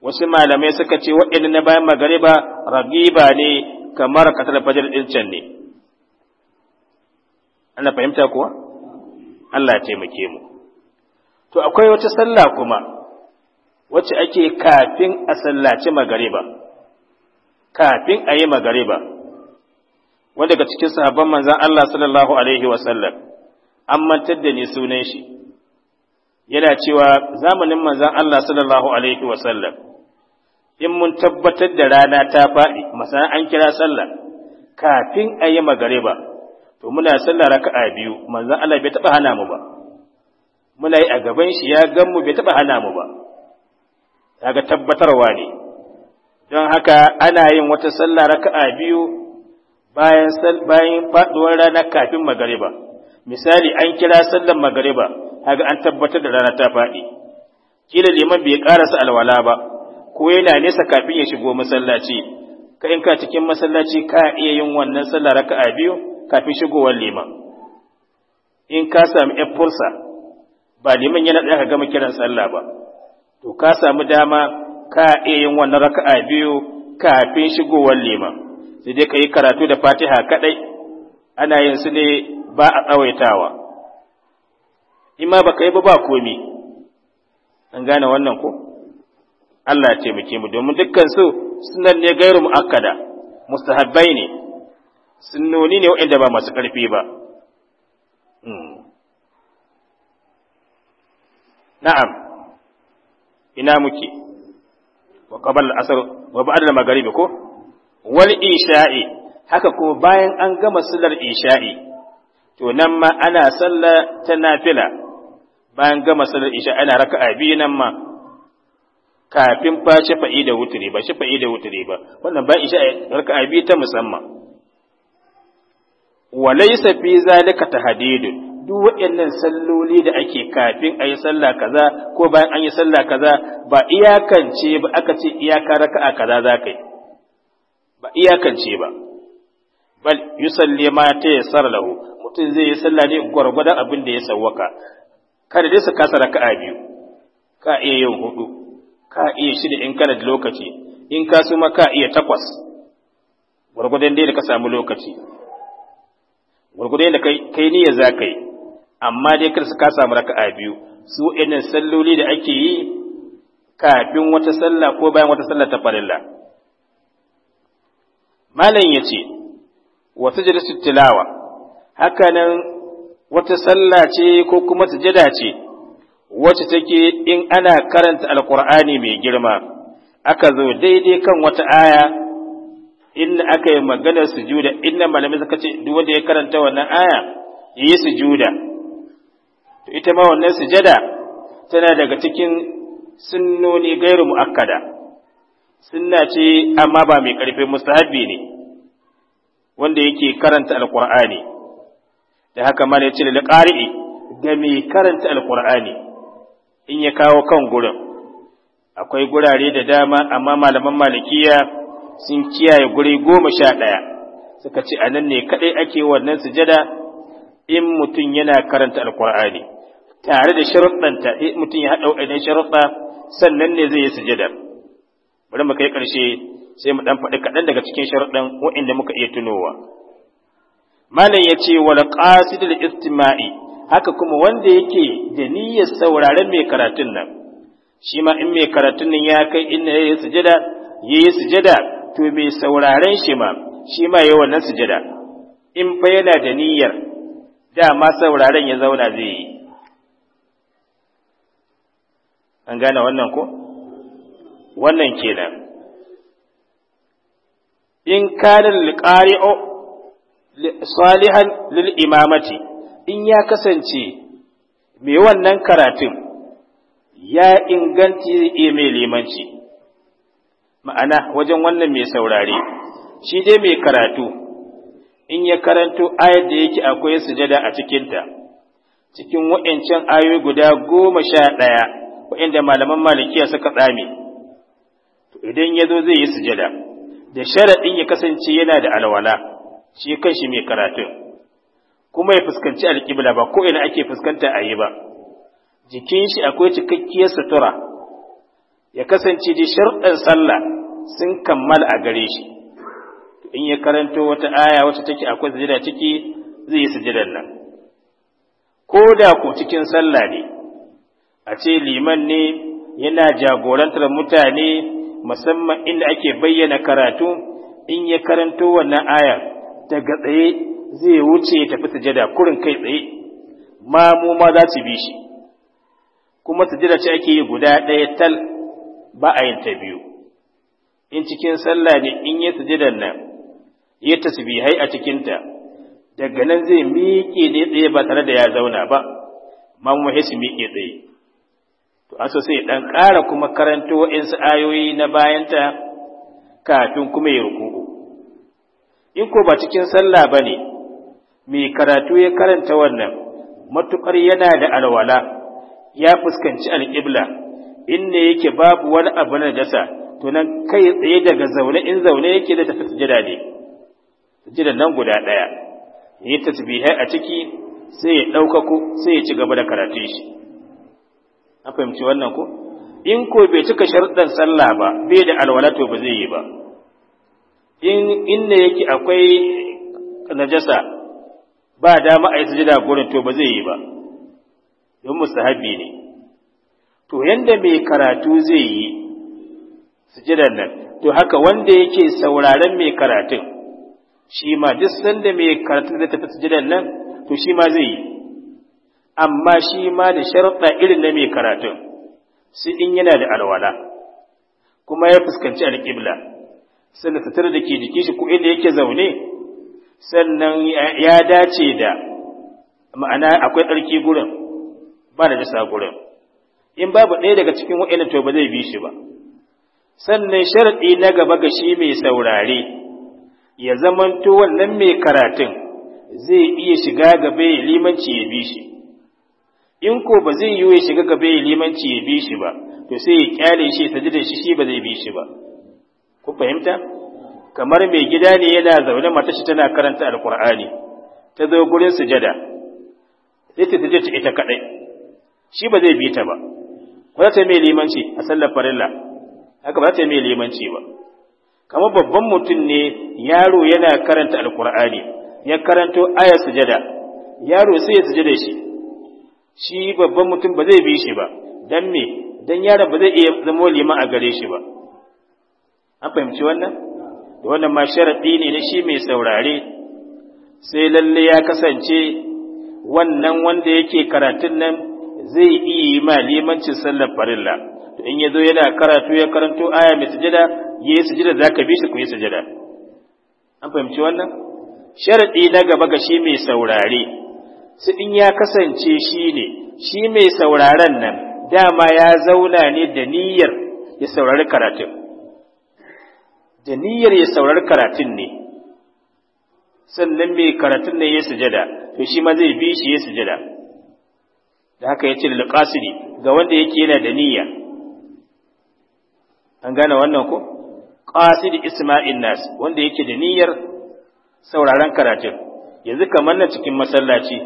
wasu malamai suka ce waɗanda na bayan magariba ragiba ne kamar katar fajar din can ne ana fahimta kuwa Allah ya taimake mu to akwai wata sallah kuma wacce ake kafin a sallaci magariba kafin a yi magariba wanda daga cikin sahabban manzan Allah sallallahu alaihi wasallam an mantar da ni sunan shi yana cewa zamanin manzan Allah sallallahu alaihi wasallam in mun tabbatar da rana ta faɗi masana an kira sallah kafin a yi magariba to muna sallah raka'a biyu manzon Allah bai taba hana mu ba muna yi a gaban shi ya gan mu bai taba hana mu ba kaga tabbatarwa ne don haka ana yin wata sallah raka'a biyu bayan bayan faduwar rana kafin magariba misali an kira sallar magariba kaga an tabbatar da rana ta faɗi kila liman bai karasa alwala ba ko yana nesa kafin ya shigo masallaci ka in ka cikin masallaci ka iya yin wannan sallar raka'a biyu kafin shigowar liman in ka sami ‘yan fursa ba liman yana tsaya ka gama kiran sallah ba to ka samu dama ka iya yin wannan raka'a biyu kafin shigowar liman sai dai ka yi karatu da fatiha kaɗai ana yin su ne ba a tsawaitawa in ma ba ka yi ba ba komi an gane wannan ko Allah ya taimake mu domin dukkan su sunan ne gairu mu'akkada mustahabbai ne sunnoni ne waɗanda ba masu ƙarfi ba hmm. na'am ina muke wa qabal al-asr wa ba'da al-maghrib ko wal isha'i haka ko bayan an gama sallar isha'i to nan ma ana sallah ta nafila bayan gama sallar isha ana raka'a biyu nan ma kafin fa shafa'i da wuturi ba shafa'i da wuturi ba wannan bayan isha'i raka'a biyu ta musamman wa laysa fi zalika tahdidun duk waɗannan salloli da ake kafin a yi sallah kaza ko bayan an yi sallah kaza ba iyakance ba aka ce iyaka raka'a kaza za ka yi ba iyakance ba bal yusalli ma ta yassara lahu mutum zai yi sallah ne gwargwadon abin da ya sawwaka kada dai su kasa raka'a biyu ka iya yin hudu ka iya shida in kana da lokaci in ka su ma ka iya takwas gwargwadon dai da ka samu lokaci gwargwadon da kai niyyar za ka yi amma dai kar su ka samu raka'a biyu su wa'annan salloli da ake yi kafin wata sallah ko bayan wata sallah ta farilla malam yace wa tajlisu tilawa haka nan wata sallah ce ko kuma sujada ce wacce take in ana karanta alqur'ani mai girma aka zo daidai kan wata aya in aka yi maganar sujuda inna malamin suka ce duk wanda ya karanta wannan aya yi sujuda to ita ma wannan sujada tana daga cikin sunnoni gairu mu'akkada sunna ce amma ba mai ƙarfin mustahabbi ne wanda yake karanta alqur'ani da haka ma ne ce da qari'i ga mai karanta alqur'ani in ya kawo kan gurin akwai gurare da dama amma malaman malikiya sun kiyaye guri goma sha ɗaya suka ce a nan ne kaɗai ake wannan sujada in mutum yana karanta alkur'ani tare da sharuɗanta sai mutum ya haɗa waɗannan sharuɗa sannan ne zai yi sujada bari mu kai ƙarshe sai mu ɗan faɗi kaɗan daga cikin sharuɗan waɗanda muka iya tunowa malam ya ce wal qasidul istima'i haka kuma wanda yake da niyyar sauraron mai karatun nan shi ma in mai karatun nan ya kai inda ya yi sujada ya yi sujada to mai sauraren shi ma shi ma ya wannan sujada in fa yana da niyyar dama sauraron ya zauna zai yi an gane wannan ko wannan kenan in kana liqari'u salihan lil imamati in ya kasance me wannan karatun ya inganci mai limanci ma'ana wajen wannan mai saurare shi dai mai karatu in ya karanto ayar da yake akwai sujada a cikinta cikin wa'ancan ayoyi guda goma sha ɗaya waɗanda malaman malikiya suka tsame idan ya zo zai yi sujada da sharaɗin ya kasance yana da alwala shi kanshi mai karatun kuma ya fuskanci alƙibla ba ko ina ake fuskanta ayi ba jikin shi akwai cikakkiyar sutura ya kasance da sharɗin sallah sun kammala a gare shi in ya karanto wata aya wata take akwai sujada ciki zai yi sujadan nan ko da ko cikin sallah ne a ce liman ne yana jagorantar mutane musamman inda ake bayyana karatu in ya karanto wannan aya daga tsaye zai wuce ya tafi sujada kurin kai tsaye ma mu ma za su bi shi kuma sujada ce ake yi guda ɗaya tal ba a yin ta biyu in cikin sallah ne in ya sujadan nan ya tasbihai a cikin ta. daga nan zai miƙe ne tsaye ba tare da ya zauna ba ma mu miƙe tsaye to so sai dan ƙara kuma karanto su ayoyi na bayanta kafin kuma ya ruku'u in ko ba cikin sallah ba ne mai karatu ya karanta wannan matuƙar yana da alwala ya fuskanci alƙibla inda yake babu wani abu na dasa to nan kai tsaye daga zaune in zaune yake da tafi sujada ne sujada nan guda ɗaya yi tasbihai a ciki sai ya ɗaukaku sai ya ci gaba da karatun shi an fahimci wannan ko in ko bai cika sharuɗan sallah ba bai da alwalato to ba zai yi ba in inda yake akwai najasa ba dama a yi sujada gurin to ba zai yi ba don mustahabi ne to yanda mai karatu zai yi sujadar nan to haka wanda yake sauraron mai karatun shi ma duk sanda mai karatu zai tafi sujadar nan to shi ma zai yi amma shi ma da sharuɗa irin na mai karatun sai in yana da alwala kuma ya fuskanci alƙibla sannan tattara da ke jiki shi ko inda yake zaune sannan ya dace da ma'ana akwai tsarki gurin ba da jasa gurin in babu ɗaya daga cikin wa'ina to ba zai bi shi ba sannan sharaɗi na gaba ga shi mai saurare ya zamanto wannan mai karatun zai iya shiga gaba ya limanci ya bi shi in ko ba zai yiwu ya shiga gaba ya limanci ya bi shi ba to sai ya kyale shi ta da shi shi ba zai bi shi ba ku fahimta kamar mai gida ne yana zaune mata shi tana karanta alkur'ani ta zo gurin sujada sai ta sujada ta ita kadai shi ba zai bi ta ba ba za ta mai limanci a sallar farilla haka ba za ta mai limanci ba kamar babban mutum ne yaro yana karanta alkur'ani ya karanto ayar sujada yaro sai ya sujada shi shi babban mutum ba zai bi shi ba dan me dan yaron ba zai iya zama liman a gare shi ba an fahimci wannan da wannan ma sharadi ne na shi mai saurare sai lalle ya kasance wannan wanda yake karatun nan zai iya yi ma limancin sallar farilla to in ya zo yana karatu ya karanto aya mai sujada ya yi sujada za ka bi shi ku yi sujada an fahimci wannan sharaɗi na gaba ga shi mai saurare su in ya kasance shi ne shi mai sauraron nan dama ya zauna ne da niyyar ya saurari karatun da niyyar ya saurari karatun ne sannan mai karatun ne ya sujada to shi ma zai bi shi ya sujada da haka ya ce lilqasidi ga wanda yake yana da niyya an gane wannan ko qasidi isma'il nas wanda yake da niyyar sauraron karatun yanzu kamar na cikin masallaci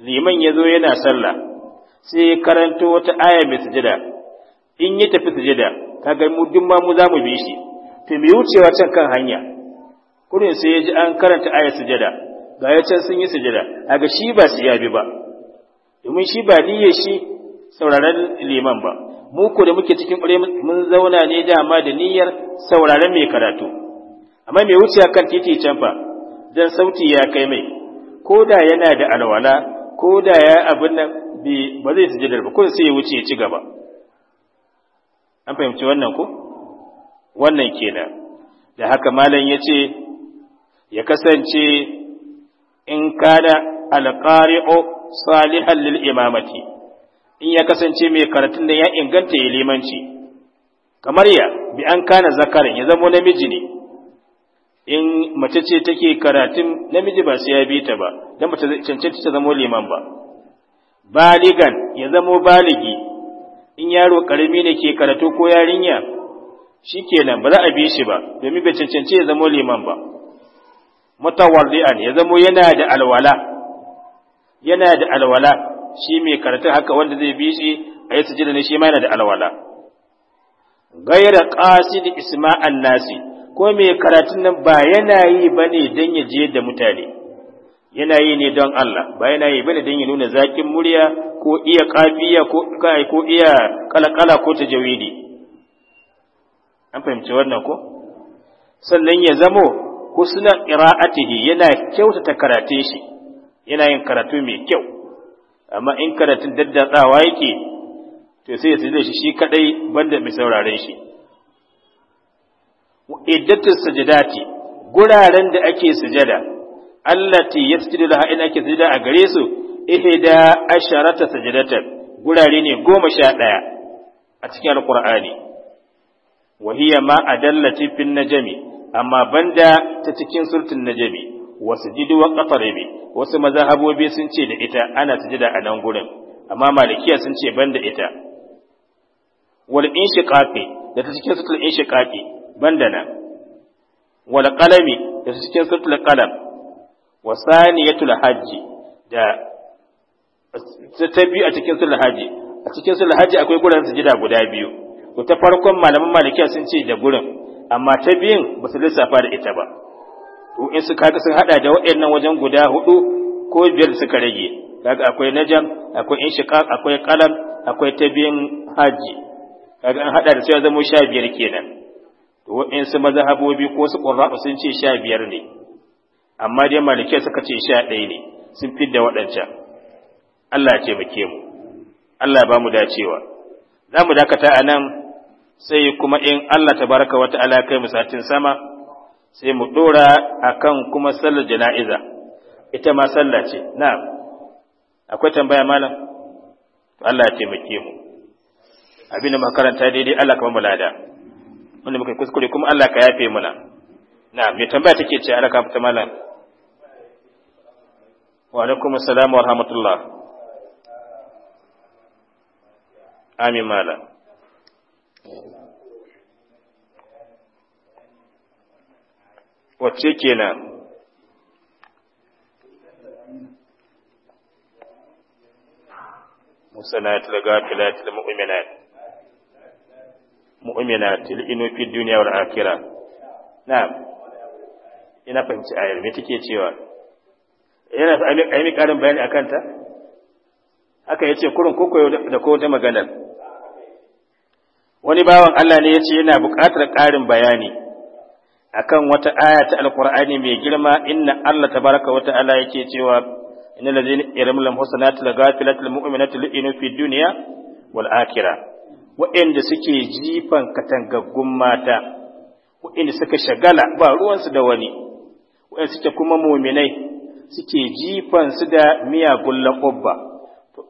liman ya zo yana sallah sai ya karanto wata aya mai sujada in ya tafi sujada kaga mu duk ma mu za mu bi shi to mai wucewa can kan hanya kurin sai ya ji an karanta aya sujada ga ya can sun yi sujada kaga shi ba su ya ba domin shi ba niyyar shi sauraron liman ba mu ko da muke cikin ƙure mun zauna ne dama da niyyar sauraron mai karatu amma mai wucewa kan titi can fa dan sauti ya kai mai ko da yana da alwala ko da ya abin nan ba zai jidar ba ko sai ya wuce ya ci gaba an fahimci wannan ku. wannan kenan da haka malam ya ce ya kasance in kana alƙari'o salihan lil imamati in ya kasance mai karatun da ya inganta ya limanci kamar ya bi an kana zakarin ya zamo namiji ne in mace ce take karatun namiji ba sai ya bi ta ba dan mace cancanta ta zama liman ba baligan ya zamo baligi in yaro karami ne ke karatu ko yarinya shikenan ba za a bi shi ba domin bai cancanci ya zamo liman ba mutawarri'an ya zamo yana da alwala yana da alwala shi mai karatu haka wanda zai bi shi a yi sujjada ne shi ma yana da alwala gaira qasid isma'an nasi ko mai karatun nan ba yana yi ba ne don ya je da mutane yana yi ne don Allah ba yana yi ba ne don ya nuna zaƙin murya ko iya ƙafiya ko iya kalakala ko jawidi an fahimci wannan ko sannan ya zamo husnan qira'atihi yana kyautata karatun shi yana yin karatu mai kyau amma in karatun daddatsawa yake to sai ya tsaye shi shi kadai banda mai sauraren shi iddatus sajadati guraren da ake sujada allati yasjudu laha in ake sujada a gare su ihda asharata sajadatan gurare ne goma sha ɗaya a cikin alqur'ani wa hiya ma adallati fin najmi amma banda ta cikin surtin najmi wasu wa ƙafarebe wasu mazahabobi sun ce da ita ana sujada a nan gurin amma malikiya sun ce ban da ita wal inshiqaqi da ta cikin sutul inshiqaqi banda nan wal qalami da cikin sutul qalam wa saniyatul hajji da ta biyu a cikin sutul hajji a cikin sutul hajji akwai gurin gida guda biyu ko ta farkon malaman maliki sun ce da gurin amma ta biyun ba su lissafa da ita ba in su kaga sun hada da waɗannan wajen guda hudu ko biyar suka rage kaga akwai najam akwai inshiqaq akwai qalam akwai tabiyin haji kaga an hada da sai ya zama 15 kenan to waɗansu mazahabobi, ko su ƙunra sun ce sha biyar ne amma dai malikai suka ce sha ɗaya ne sun fidda waɗancan Allah ya taimake mu Allah ba mu dacewa za mu dakata a nan sai kuma in Allah tabaraka wa ta'ala kai mu satin sama sai mu dora akan kuma sallar jana'iza ita ma sallah ce na'am akwai tambaya malam Allah ya taimake mu abin da makaranta daidai Allah kuma mulada. wanda muka kuskure kuma Allah ka yafe muna na mai tambaya take ce ana kafa malam wa alaikum assalam wa rahmatullah amin malam wacce kenan musanat da gafilat da mu'minat mu'minat ilinu fi dunya wal akhirah na'am ina fahimci ayar me take cewa yana ai mi karin bayani akan ta haka yace kurun koko da ko ta magana wani bawan Allah ne yace yana buƙatar ƙarin bayani akan wata aya ta alqur'ani mai girma inna Allah tabaraka wa ta'ala yake cewa innal ladzina yarmul husnati lagafilatul mu'minati li'inu fi dunya wal akhirah waɗanda suke jifan katangaggun mata waɗanda suka shagala ba ruwansu da wani waɗanda suke kuma muminai suke jifan su da miyagun laƙobba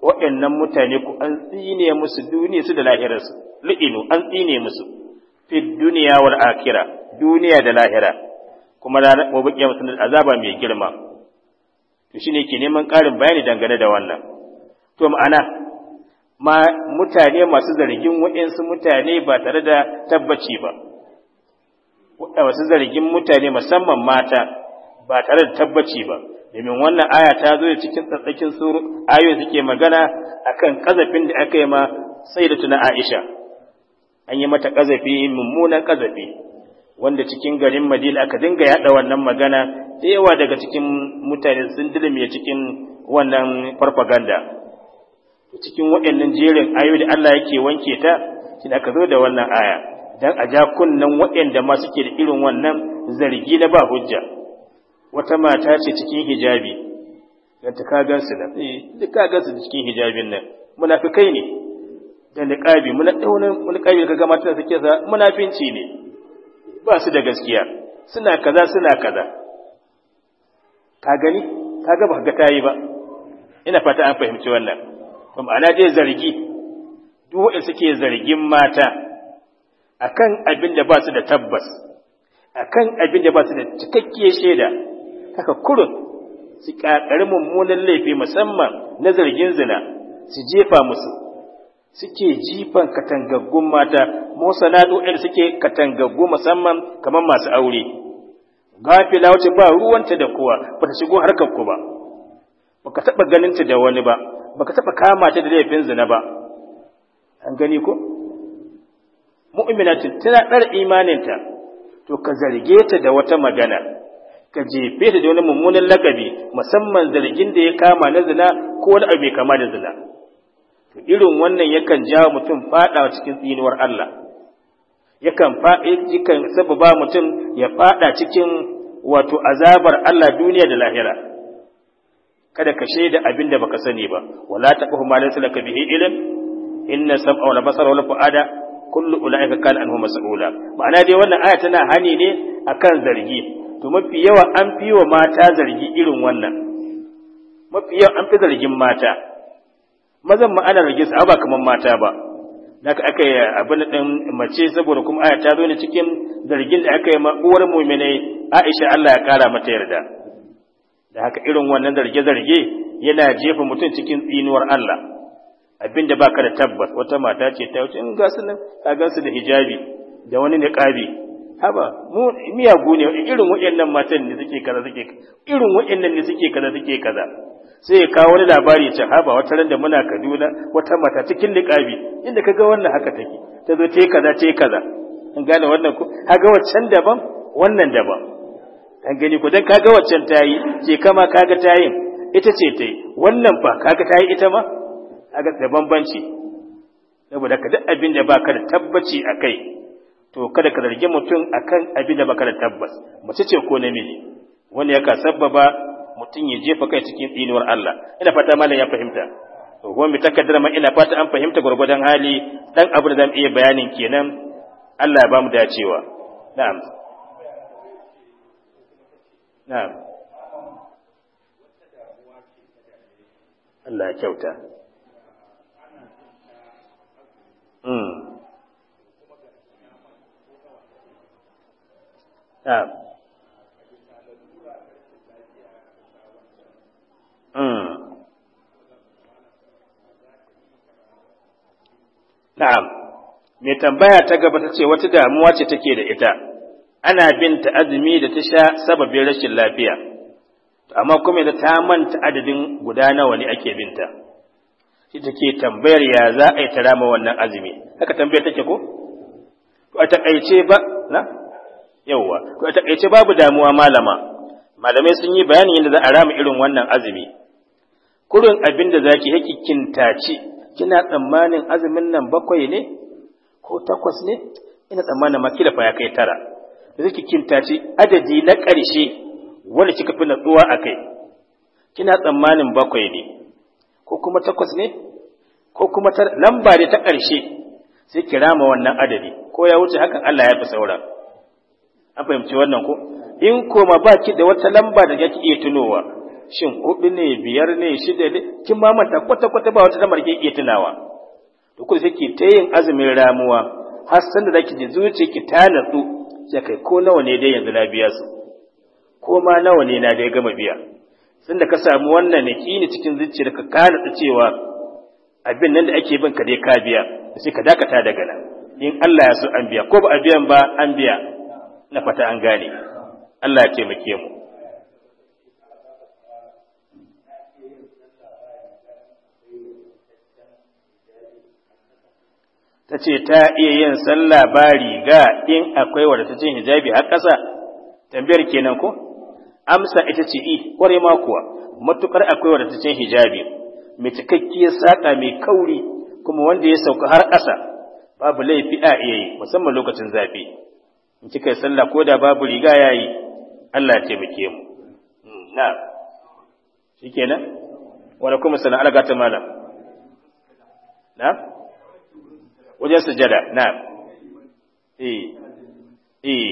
waɗannan mutane ku an tsine musu duniya su da lahirarsu lu'inu an tsine musu fi duniya wal akira duniya da lahira kuma da gobe kiyama azaba mai girma to shine ke neman ƙarin bayani dangane da wannan to ma'ana ma mutane masu zargin waɗansu mutane ba tare da tabbaci ba wasu zargin mutane musamman mata ba tare da tabbaci ba domin wannan aya ta zo da cikin tsatsakin suru ayo suke magana akan kazafin da aka yi ma sai da tuna Aisha an yi mata ƙazafi, mummunan ƙazafi, wanda cikin garin Madina aka dinga yaɗa wannan magana da yawa daga cikin mutane sun dilmiye cikin wannan farfaganda cikin waɗannan jerin ayoyi da Allah yake wanke ta shi aka zo da wannan aya dan a ja kunnan waɗanda ma suke da irin wannan zargi na ba hujja wata mata ce cikin hijabi dan ta ka gansu da. eh duk ka gansu cikin hijabin nan munafikai ne da niqabi mun daunin niqabi ga mata suke sa munafinci ne ba su da gaskiya suna kaza suna kaza ka gani kaga ba ga tayi ba ina fata an fahimci wannan ba ma'ana dai zargi duk suke zargin mata kan abin da ba su da tabbas akan abin da ba su da cikakkiyar shaida haka kurun su ƙaƙari mummunan laifi musamman na zargin zina su jefa musu suke jifan katangaggun mata mosana ɗo'ir suke katangaggu musamman kamar masu aure gafila wace ba ruwanta da kowa ba ta shigo harkar ku ba ba ka taɓa ganinta da wani ba baka taba kama ta da laifin zina ba an gani ko mu'minatin tana dar imaninta to ka zarge ta da wata magana ka jefe ta da wani mummunan lakabi musamman zargin da ya kama na zina ko wani abu kama da zina to irin wannan yakan jawo mutum fada cikin tsinuwar Allah yakan yakan sababa mutum ya fada cikin wato azabar Allah duniya da lahira kada ka shaida abin da baka sani ba wala taqahu ma laysa laka bihi ilm inna sab'a wala basara wala fu'ada kullu ulaika kana anhu mas'ula ma'ana dai wannan aya tana hani ne akan zargi to mafi yawa an fi wa mata zargi irin wannan mafi yawa an fi zargin mata mazan ma ana zargin su ba kaman mata ba naka aka yi abin din mace saboda kuma aya ta zo ne cikin zargin da aka yi ma uwar mu'minai Aisha Allah ya kara mata yarda da haka irin wannan zarge-zarge yana jefa mutum cikin tsinuwar Allah abinda baka da tabbas wata mata ce ta wuce in ga su nan ka ga su da hijabi da wani kabi haba mu miya ne irin wayennan matan ne suke kaza suke irin wayennan ne suke kaza suke kaza sai ya kawo wani labari can haba wata ran da muna Kaduna wata mata cikin niqabi inda kaga wannan haka take ta zo ce kaza ce kaza an gane wannan ko kaga wancan daban wannan daban an gani ko dan kaga waccan tayi ke kama kaga tayin ita ce tayi wannan fa kaga tayi ita ma kaga da bambanci saboda kada abin da baka da tabbaci akai to kada ka zargi mutum akan abin da baka da tabbas mace ce ko namiji wani ya ka sabbaba mutum ya jefa kai cikin tsinuwar Allah ina fata malam ya fahimta to gwan mi takaddara ma ina fata an fahimta gurgudan hali dan abu da zan iya bayanin kenan Allah ya bamu dacewa na'am na'am Allah kyauta mm na'am mm na'am mai tambaya ta gaba ta ce wata damuwa ce take da ita ana bin ta azumi da ta sha sababin rashin lafiya amma kuma da ta manta adadin guda nawa ne ake binta shi take tambayar ya za a yi ta rama wannan azumi haka tambayar take ko Ko a takaice ba na yawwa Ko a takaice babu damuwa malama malamai sun yi bayani yadda za a rama irin wannan azumi kurin abin da zaki yake kintaci kina tsammanin azumin nan bakwai ne ko takwas ne ina tsammanin ma kila fa ya kai tara da zaki kintaci adadi na ƙarshe wanda kika fi natsuwa a kai kina tsammanin bakwai ne ko kuma takwas ne ko kuma lamba ne ta ƙarshe sai ki rama wannan adadi ko ya wuce hakan Allah ya fi saura an fahimci wannan ko in koma ba ki da wata lamba da yake iya tunowa shin hudu ne biyar ne shida ne kin ma manta kwata kwata ba wata lamar ke iya tunawa to kuma sai ki ta yin azumin ramuwa har sanda da zaki ji zuciyarki ki ta natsu sai kai ko nawa ne dai yanzu na biya su ko ma nawa ne na dai gama biya sun da ka samu wannan kini cikin zuciyar ka kana cewa abin nan da ake bin ka dai ka biya sai ka dakata daga nan in Allah ya so an biya ko ba a biyan ba an biya na fata an gane Allah ya taimake mu ta ce ta iya yin sallah ba riga in akwai wadda ta ce hijabi har ƙasa tambayar kenan ko amsa ita ce i kwarai ma kuwa matukar akwai wadda ta ce hijabi mai cikakkiyar saƙa mai kauri kuma wanda ya sauka har ƙasa babu laifi a iya yi musamman lokacin zafi in kika yi sallah ko da babu riga ya yi Allah ya taimake mu na shikenan wa kuma sana'ar alga ta malam na wajen sujada na eh eh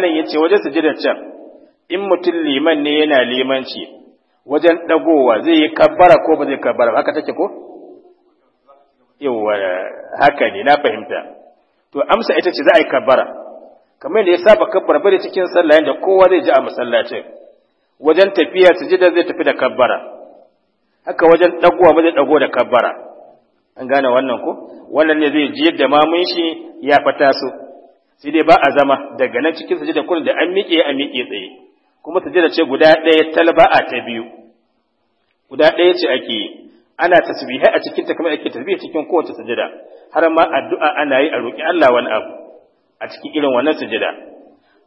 ya yace wajen sujada can in mutum liman ne yana limanci wajen dagowa zai yi kabbara ko ba zai kabbara haka take ko yawa haka ne na fahimta to amsa ita ce za a yi kabbara kamar yadda ya saba kabbara bari cikin sallah yadda kowa zai ji a masallacin wajen tafiya sujada zai tafi da kabbara haka wajen ɗagowa ba zai ɗago da kabbara an gane wannan ko wannan ne zai jiyar da mamun shi ya fata su sai dai ba a zama daga nan cikin sajida kun da an miƙe a miƙe tsaye kuma sajida ce guda ɗaya a ta biyu guda ɗaya ce ake yi ana tasbihai a cikin ta kamar ake tasbihai cikin kowace sujada har ma addu'a ana yi a roki Allah wani abu a cikin irin wannan sujada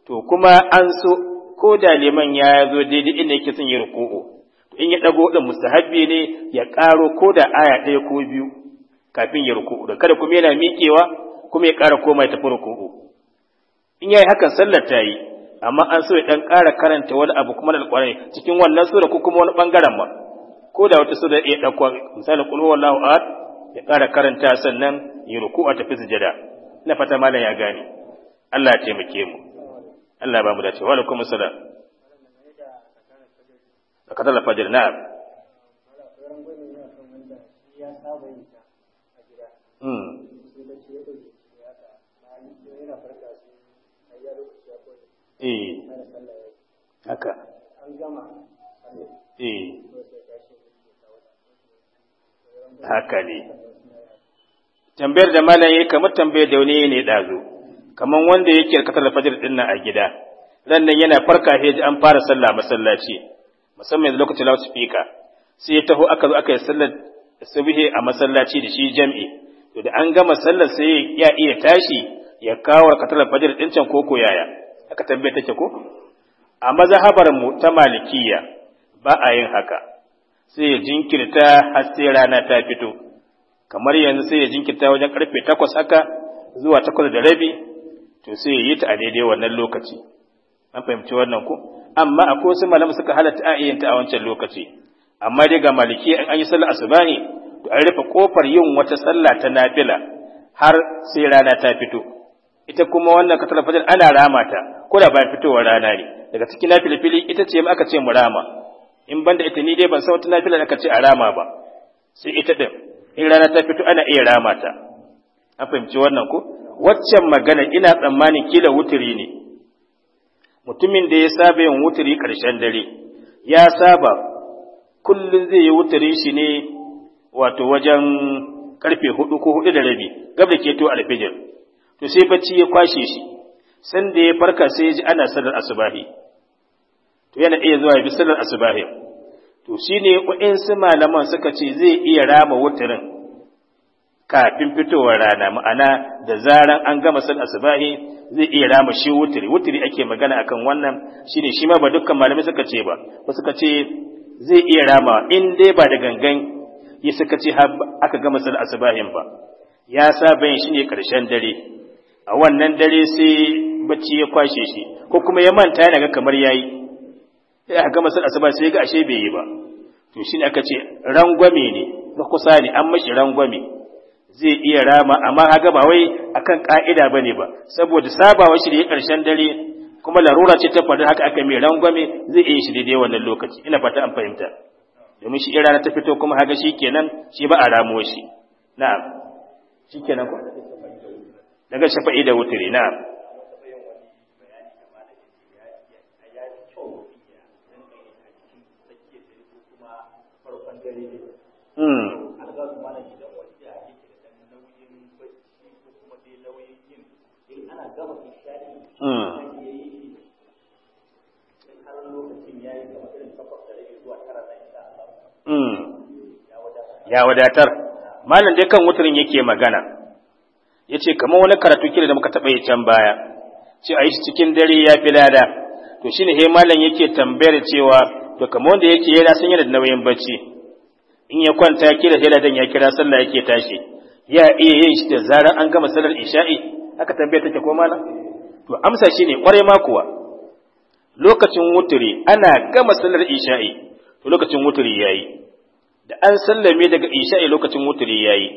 to kuma an so ko da liman ya zo daidai inda yake son yi ruku'u in ya ɗago dan mustahabbi ne ya ƙaro ko da aya ɗaya ko biyu kafin ya ruku da kada kuma yana miƙewa kuma ya ƙara koma ya tafi ruku'u in yayi hakan sallar ta yi amma an so ya ɗan ƙara karanta wani abu kuma da alƙwarai cikin wannan sura ko kuma wani ɓangaren ma ko da wata sura ya ɗauko misali qul huwallahu ahad ya ƙara karanta sannan ya ruku a tafi sujada na fata malam ya gane Allah ya taimake mu Allah ba mu dace wa alaikumus salam da katal fajr na'am Mm. Eh. Haka. Eh. Haka ne. Tambayar da malam yayi kamar tambayar da wani ne dazo. Kamar wanda yake karkatar fajr din nan a gida. Ran nan yana farka sai an fara sallah masallaci. musamman da lokacin fika sai ya taho aka zo aka yi sallar subuhi a masallaci da shi jam'i to da an gama sallar sai ya iya tashi ya kawo katar fajr din can koko yaya aka tambaye take ko a mazhabar mu ta malikiya ba a yin haka sai ya jinkirta har sai rana ta fito kamar yanzu sai ya jinkirta wajen karfe takwas haka zuwa takwas da rabi to sai ya yi ta a daidai wannan lokaci an fahimci wannan ko amma akwai wasu malamu suka halatta ayyanta a wancan lokaci amma dai ga maliki an yi sallar asubahi to an rufe kofar yin wata sallah ta nafila har sai rana ta fito ita kuma wannan katar fajar ana rama ta ko da bayan fitowar rana ne daga cikin nafila fili ita ce aka ce mu rama in banda ita ni dai ban san wata nafila aka ce a rama ba sai ita din in rana ta fito ana iya rama ta an fahimci wannan ko waccan magana ina tsammanin kila wuturi ne mutumin da ya saba yin wuturi ƙarshen dare ya saba kullum zai yi wuturi shi ne wato wajen karfe hudu ko hudu da rabi gab da keto alfijir to sai bacci ya kwashe shi sanda ya farka sai ji ana sanar asubahi to yana iya zuwa ya bi sanar asubahi to shine waɗansu malaman suka ce zai iya rama wutarin kafin fitowar rana ma'ana da zaran an gama sun asubahi zai iya rama shi wuturi wuturi ake magana akan wannan shine shi ma ba dukkan malamai suka ce ba ba suka ce zai iya rama in dai ba da gangan ya suka ce aka gama sun asubahin ba ya saba yin shine karshen dare a wannan dare sai bacci ya kwashe shi ko kuma ya manta yana ga kamar yayi sai aka gama sun asibahin sai ga ashe bai yi ba to shine aka ce rangwame ne ba kusa ne an mashi rangwame zai iya rama amma haga ba wai akan ka'ida bane ba saboda sabawa shi da karshen dare kuma larura ce ta faru haka aka mai rangwame zai iya shi daidai wannan lokaci ina fata an fahimta domin shi irana ta fito kuma haga shi kenan shi ba a ramo shi na'am shi kenan ko daga shafa'i da wuturi na'am Hmm. Mm. Mm. ya wadatar malam dai kan wutarin yake magana ya ce kamar wani karatu kira da muka taɓa yi can baya ce a yi cikin dare ya fi lada to shine he malam yake tambayar cewa to kamar wanda yake yana sun yana da nauyin bacci in ya kwanta kira sai dan ya kira sallah yake tashi ya iya yin shi da zarar an gama sallar isha'i aka tambaye take ko malam to amsa shine kware ma kuwa lokacin wuturi ana gama sallar isha'i to lokacin wuturi yayi da an sallame daga isha'i lokacin wuturi yayi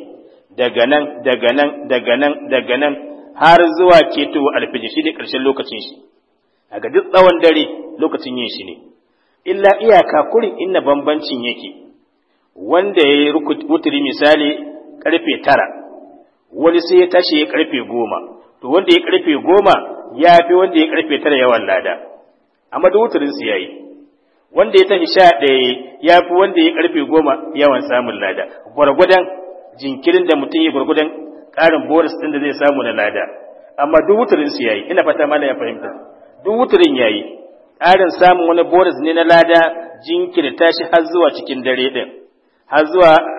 daga nan daga nan daga nan daga nan har zuwa keto alfiji shi ne karshen lokacin shi daga duk tsawon dare lokacin yin shi ne illa iyaka kurin inna bambancin yake wanda ya yi wuturi misali karfe tara wani sai ya tashi ya karfe goma to wanda ya karfe goma ya fi wanda ya karfe tara yawan lada amma duk wutarin su yayi wanda ya tashi sha ɗaya ya fi wanda ya karfe goma yawan samun lada gwargwadon jinkirin da mutum ya gwargwadon ƙarin boris ɗin da zai samu na lada amma duk wutarin su yayi ina fata mala ya fahimta duk wutarin yayi ƙarin samun wani boris ne na lada jinkirta shi har zuwa cikin dare ɗin har zuwa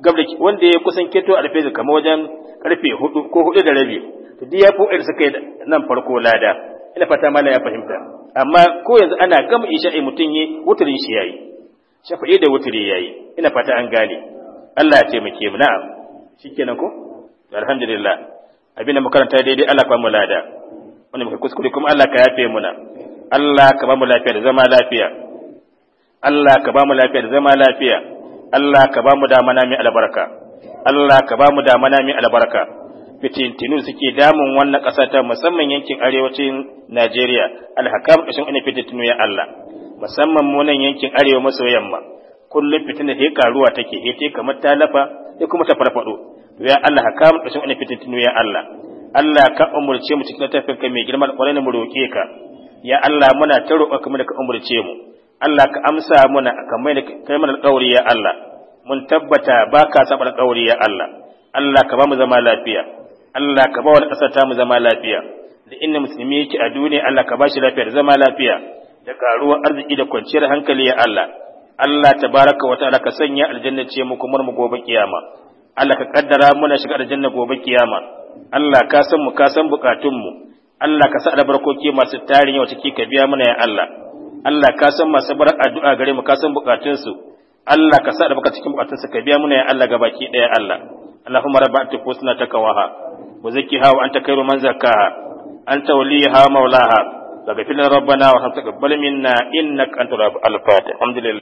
gabda wanda ya kusan keto alfajir kamar wajen karfe hudu ko hudu da rabi to duk ya fuɗe suka yi nan farko lada ina fata mala ya fahimta amma ko yanzu ana gama ai mutum yi wuturin shi yayi shafa'i da wuturi yayi ina fata an gane Allah ya taimake mu na'am shikenan ko alhamdulillah abinda mu karanta daidai Allah ka mu lada wanda muka kuskure kuma Allah ka yafe muna Allah ka ba mu lafiya da zama lafiya Allah ka ba mu lafiya da zama lafiya Allah ka ba mu damana mai albarka Allah ka ba mu damana mai albarka fitintinu suke damun wannan ƙasa ta musamman yankin arewacin Najeriya alhakam kashin ina fitintinu ya Allah musamman mu yankin arewa maso yamma kullum fitina sai karuwa take sai kamar ta lafa ya kuma ta farfado ya Allah hakam kashin ina fitintinu ya Allah Allah ka umurce mu cikin ka mai girma da mu roƙe ka ya Allah muna ta roƙa kuma da ka umurce mu Allah ka amsa mana kamar da kai mana alƙawari ya Allah mun tabbata ba ka saba alƙawari ya Allah Allah ka ba mu zama lafiya Allah ka ba wa ƙasar ta mu zama lafiya da inda musulmi yake a duniya Allah ka ba shi lafiya da zama lafiya da karuwar arziki da kwanciyar hankali ya Allah Allah tabaraka wa ta'ala ka sanya aljanna ce mu kuma mu gobe kiyama Allah ka kaddara muna shiga aljanna gobe kiyama Allah ka san mu ka san bukatun mu Allah ka sa albarkoki masu tarin yau ciki ka biya mana ya Allah Allah ka san masu bar addu'a gare mu ka san bukatunsu Allah ka sa da baka cikin bukatunsu ka biya muna ya Allah gabaki daya Allah Allahumma rabba anta husna takawaha wa zakkiha wa anta khairu man zakkaha anta waliyaha maulaha Daga لنا ربنا وتقبل منا انك انت الوهاب الفاتح الحمد لله